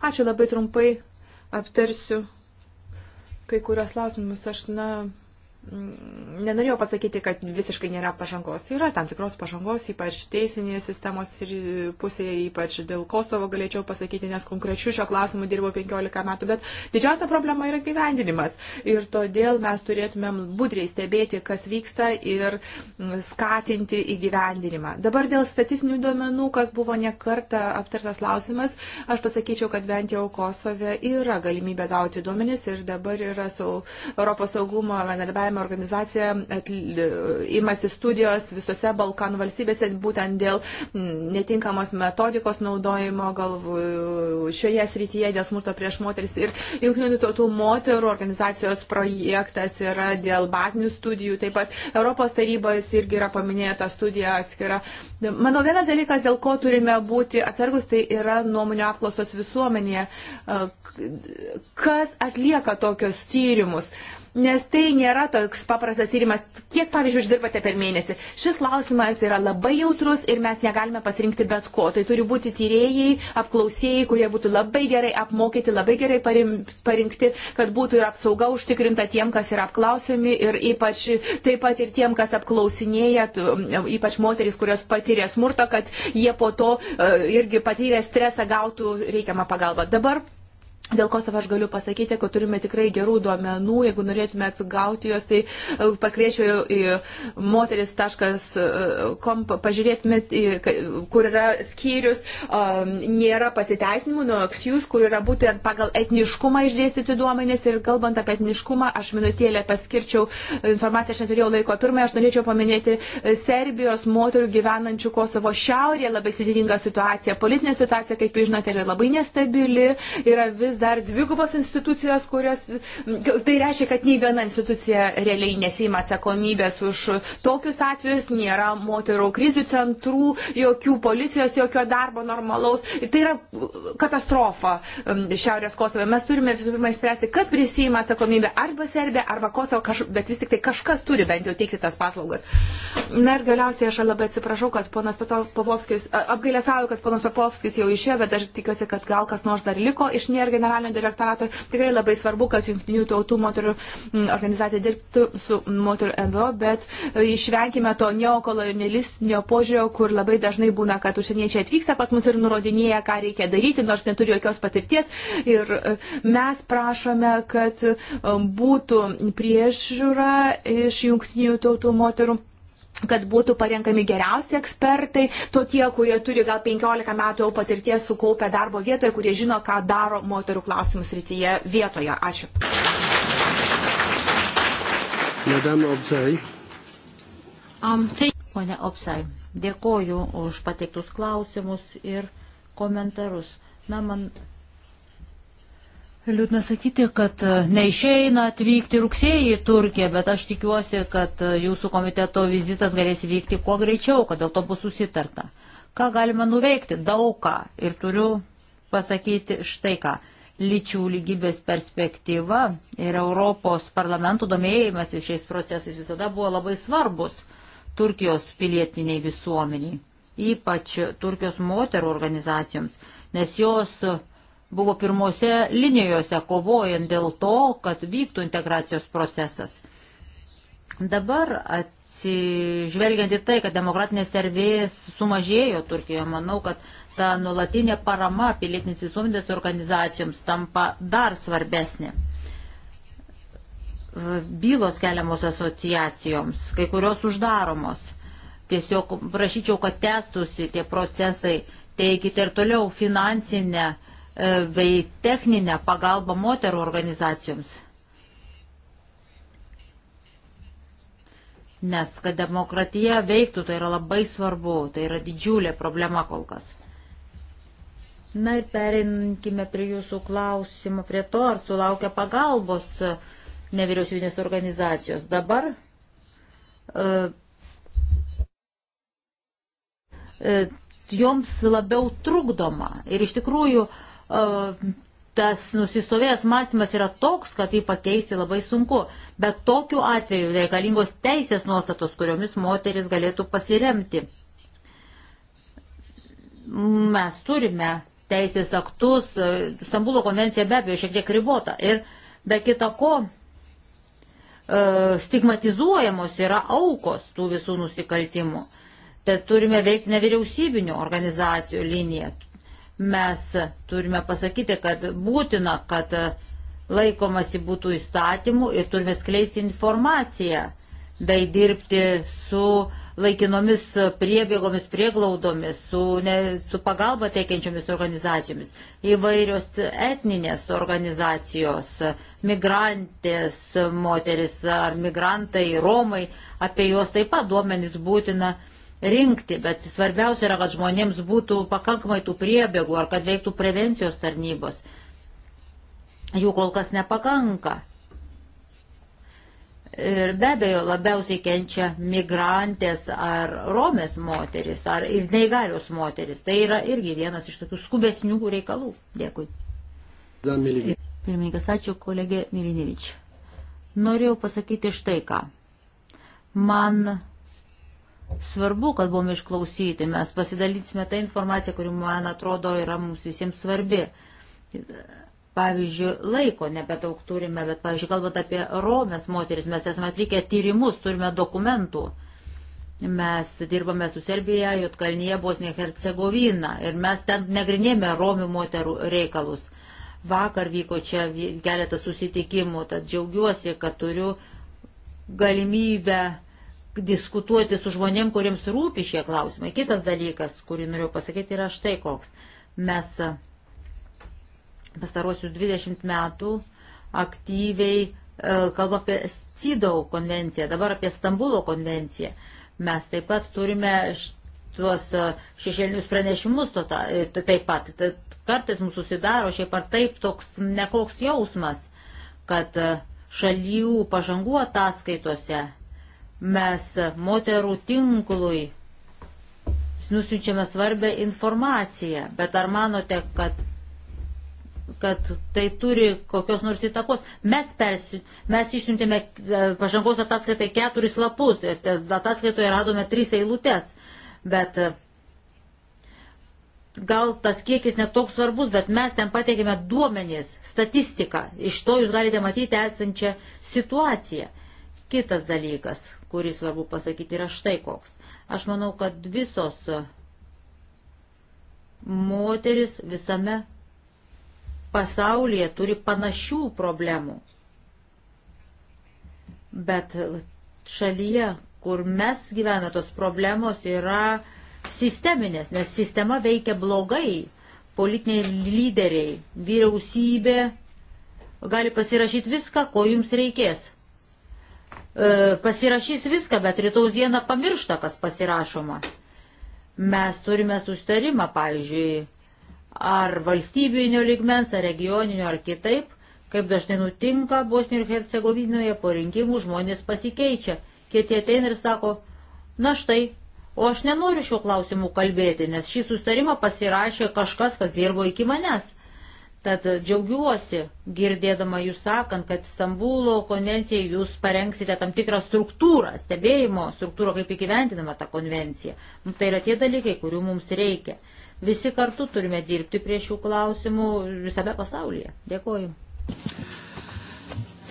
Ačiū labai trumpai aptarsiu kai kurios klausimus. Aš, na, nenorėjau pasakyti, kad visiškai nėra pažangos. Yra tam tikros pažangos, ypač teisinėje sistemos pusėje, ypač dėl Kosovo galėčiau pasakyti, nes konkrečių šio klausimu dirbau 15 metų, bet didžiausia problema yra gyvendinimas. Ir todėl mes turėtumėm budriai stebėti, kas vyksta ir skatinti įgyvendinimą. Dabar dėl statistinių duomenų, kas buvo nekarta aptartas klausimas, aš pasakyčiau, kad bent jau Kosove yra galimybė gauti duomenis ir dabar yra su Europos saugumo bendradarbiavimo bendradarbiavimo organizacija imasi studijos visose Balkanų valstybėse būtent dėl netinkamos metodikos naudojimo gal šioje srityje dėl smurto prieš moteris. Ir jungtinių tautų moterų organizacijos projektas yra dėl bazinių studijų. Taip pat Europos tarybos irgi yra paminėta studija atskira. Manau, vienas dalykas, dėl ko turime būti atsargus, tai yra nuomonio apklausos visuomenėje. Kas atlieka tokius tyrimus? nes tai nėra toks paprastas tyrimas, kiek, pavyzdžiui, uždirbate per mėnesį. Šis klausimas yra labai jautrus ir mes negalime pasirinkti bet ko. Tai turi būti tyrėjai, apklausėjai, kurie būtų labai gerai apmokyti, labai gerai parinkti, kad būtų ir apsauga užtikrinta tiem, kas yra apklausiami ir ypač taip pat ir tiem, kas apklausinėja, ypač moteris, kurios patyrė smurtą, kad jie po to e, irgi patyrė stresą gautų reikiamą pagalbą. Dabar Dėl ko savo aš galiu pasakyti, kad turime tikrai gerų duomenų, jeigu norėtume atsigauti juos, tai e, pakviečiau į moteris.com, pažiūrėtumėt, kur yra skyrius, e, nėra pasiteisinimų, nuo aksijus, kur yra būtent pagal etniškumą išdėstyti duomenys ir kalbant apie etniškumą, aš minutėlę paskirčiau informaciją, aš neturėjau laiko. Pirmąją aš norėčiau paminėti e, Serbijos moterų gyvenančių Kosovo šiaurėje labai sudėtinga situacija, politinė situacija, kaip jūs žinote, yra labai nestabili, yra vis vis dar dvigubos institucijos, kurios, tai reiškia, kad nei viena institucija realiai nesima atsakomybės už tokius atvejus, nėra moterų krizių centrų, jokių policijos, jokio darbo normalaus. Tai yra katastrofa um, Šiaurės Kosovė. Mes turime visų pirma išspręsti, kas prisima atsakomybę, arba Serbija, arba Kosovo, kaž, bet vis tik tai kažkas turi bent jau teikti tas paslaugas. Na ir galiausiai aš labai atsiprašau, kad ponas Papovskis, apgailėsauju, kad ponas Papovskis jau išėjo, bet aš tikiuosi, kad gal kas nors dar liko iš nerginę generalinio direktorato. Tikrai labai svarbu, kad jungtinių tautų moterų mm, organizacija dirbtų su moterų NVO, bet e, išvengime to neokolonialistinio požiūrio, kur labai dažnai būna, kad užsieniečiai atvyksta pas mus ir nurodinėja, ką reikia daryti, nors neturi jokios patirties. Ir e, mes prašome, kad e, būtų priežiūra iš jungtinių tautų moterų kad būtų parenkami geriausi ekspertai, tokie, kurie turi gal 15 metų jau patirties sukaupę darbo vietoje, kurie žino, ką daro moterų klausimų srityje vietoje. Ačiū. Madame Obzai. Um, tai... Pone Opsai, dėkoju už pateiktus klausimus ir komentarus. Na, man Liūdna sakyti, kad e, neišeina atvykti rugsėjį į Turkiją, bet aš tikiuosi, kad e, jūsų komiteto vizitas galės vykti kuo greičiau, kad dėl to bus susitarta. Ką galime nuveikti? Daug ką. Ir turiu pasakyti štai ką. Lyčių lygybės perspektyva ir Europos parlamentų domėjimasis šiais procesais visada buvo labai svarbus Turkijos pilietiniai visuomeniai, ypač Turkijos moterų organizacijoms, nes jos buvo pirmose linijose kovojant dėl to, kad vyktų integracijos procesas. Dabar atsižvelgiant į tai, kad demokratinės servės sumažėjo Turkijoje, manau, kad ta nulatinė parama pilietinės visuomenės organizacijoms tampa dar svarbesnė. Bylos keliamos asociacijoms, kai kurios uždaromos. Tiesiog prašyčiau, kad testusi tie procesai, teikite ir toliau finansinę E, bei techninę pagalbą moterų organizacijoms. Nes, kad demokratija veiktų, tai yra labai svarbu, tai yra didžiulė problema kol kas. Na ir perinkime prie jūsų klausimų, prie to, ar sulaukia pagalbos nevyriausybinės organizacijos. Dabar e, e, joms labiau trukdoma. Ir iš tikrųjų e, tas nusistovėjęs mąstymas yra toks, kad jį pakeisti labai sunku. Bet tokiu atveju reikalingos teisės nuostatos, kuriomis moteris galėtų pasiremti. Mes turime teisės aktus, e, Stambulo konvencija be abejo šiek tiek ribota. Ir be kita ko, e, stigmatizuojamos yra aukos tų visų nusikaltimų. Tad turime veikti nevyriausybinio organizacijų liniją. Mes turime pasakyti, kad būtina, kad laikomasi būtų įstatymų ir turime skleisti informaciją, tai dirbti su laikinomis priebėgomis, prieglaudomis, su, ne, su pagalba teikiančiomis organizacijomis, įvairios etninės organizacijos, migrantės, moteris ar migrantai, romai, apie juos taip pat duomenys būtina rinkti, bet svarbiausia yra, kad žmonėms būtų pakankamai tų priebėgų ar kad veiktų prevencijos tarnybos. Jų kol kas nepakanka. Ir be abejo, labiausiai kenčia migrantės ar romės moteris, ar ir neįgalios moteris. Tai yra irgi vienas iš tokių skubesnių reikalų. Dėkui. Pirmininkas, ačiū kolegė Milinevič. Norėjau pasakyti štai ką. Man svarbu, kad buvome išklausyti. Mes pasidalinsime tą informaciją, kuri, man atrodo, yra mums visiems svarbi. Pavyzdžiui, laiko nebetaug turime, bet, pavyzdžiui, kalbant apie Romės moteris, mes esame atlikę tyrimus, turime dokumentų. Mes dirbame su Serbija, Jotkalnyje, Bosnija, Hercegovina ir mes ten negrinėjame Romių moterų reikalus. Vakar vyko čia keletas susitikimų, tad džiaugiuosi, kad turiu galimybę diskutuoti su žmonėm, kuriems rūpi šie klausimai. Kitas dalykas, kurį noriu pasakyti, yra štai koks. Mes e, pastaruosius 20 metų aktyviai e, kalba apie Scidau konvenciją, dabar apie Stambulo konvenciją. Mes taip pat turime tuos e, šešėlinius pranešimus to ta, taip pat. Tad kartais mūsų susidaro šiaip ar taip toks nekoks jausmas, kad šalių pažangų ataskaitose Mes moterų tinklui nusinčiame svarbę informaciją, bet ar manote, kad kad tai turi kokios nors įtakos. Mes, persi, mes išsiuntėme e, pažangos ataskaitai keturis lapus, e, ataskaitoje radome tris eilutes, bet e, gal tas kiekis netoks svarbus, bet mes ten pateikėme duomenys, statistiką, iš to jūs galite matyti esančią situaciją. Kitas dalykas, kurį svarbu pasakyti, yra štai koks. Aš manau, kad visos moteris visame pasaulyje turi panašių problemų. Bet šalyje, kur mes gyvename, tos problemos yra sisteminės, nes sistema veikia blogai. Politiniai lyderiai, vyriausybė gali pasirašyti viską, ko jums reikės. E, pasirašys viską, bet rytaus dieną pamiršta, kas pasirašoma. Mes turime sustarimą, pavyzdžiui, ar valstybinio ligmens, ar regioninio, ar kitaip, kaip dažnai nutinka Bosnijoje ir Hercegovinoje po rinkimų žmonės pasikeičia. Kiti ateina ir sako, na štai, o aš nenoriu šiuo klausimu kalbėti, nes šį sustarimą pasirašė kažkas, kas dirbo iki manęs. Tad džiaugiuosi girdėdama jūs sakant, kad Stambulo konvencijai jūs parengsite tam tikrą struktūrą, stebėjimo struktūrą, kaip įgyventinama ta konvencija. Nu, tai yra tie dalykai, kurių mums reikia. Visi kartu turime dirbti prie šių klausimų visame pasaulyje. Dėkoju.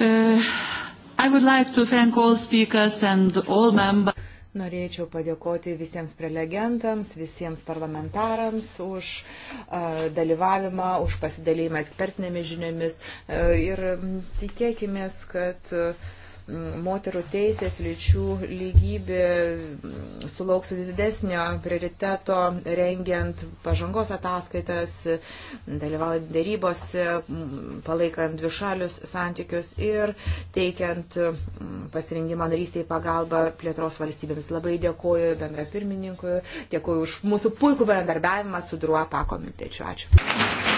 Uh, like all all Norėčiau padėkoti visiems prelegentams, visiems parlamentarams už uh, dalyvavimą, už pasidalymą ekspertinėmis žiniomis uh, ir tikėkime, kad uh, moterų teisės, lyčių lygybė sulauks didesnio prioriteto rengiant pažangos ataskaitas, dalyvaujant dėrybose, palaikant dvišalius santykius ir teikiant mm, pasirinkimą narystiai pagalbą plėtros valstybėms. Labai dėkoju bendra pirmininkui, dėkoju už mūsų puikų bendarbiavimą su Druo pakomitečiu. Ačiū.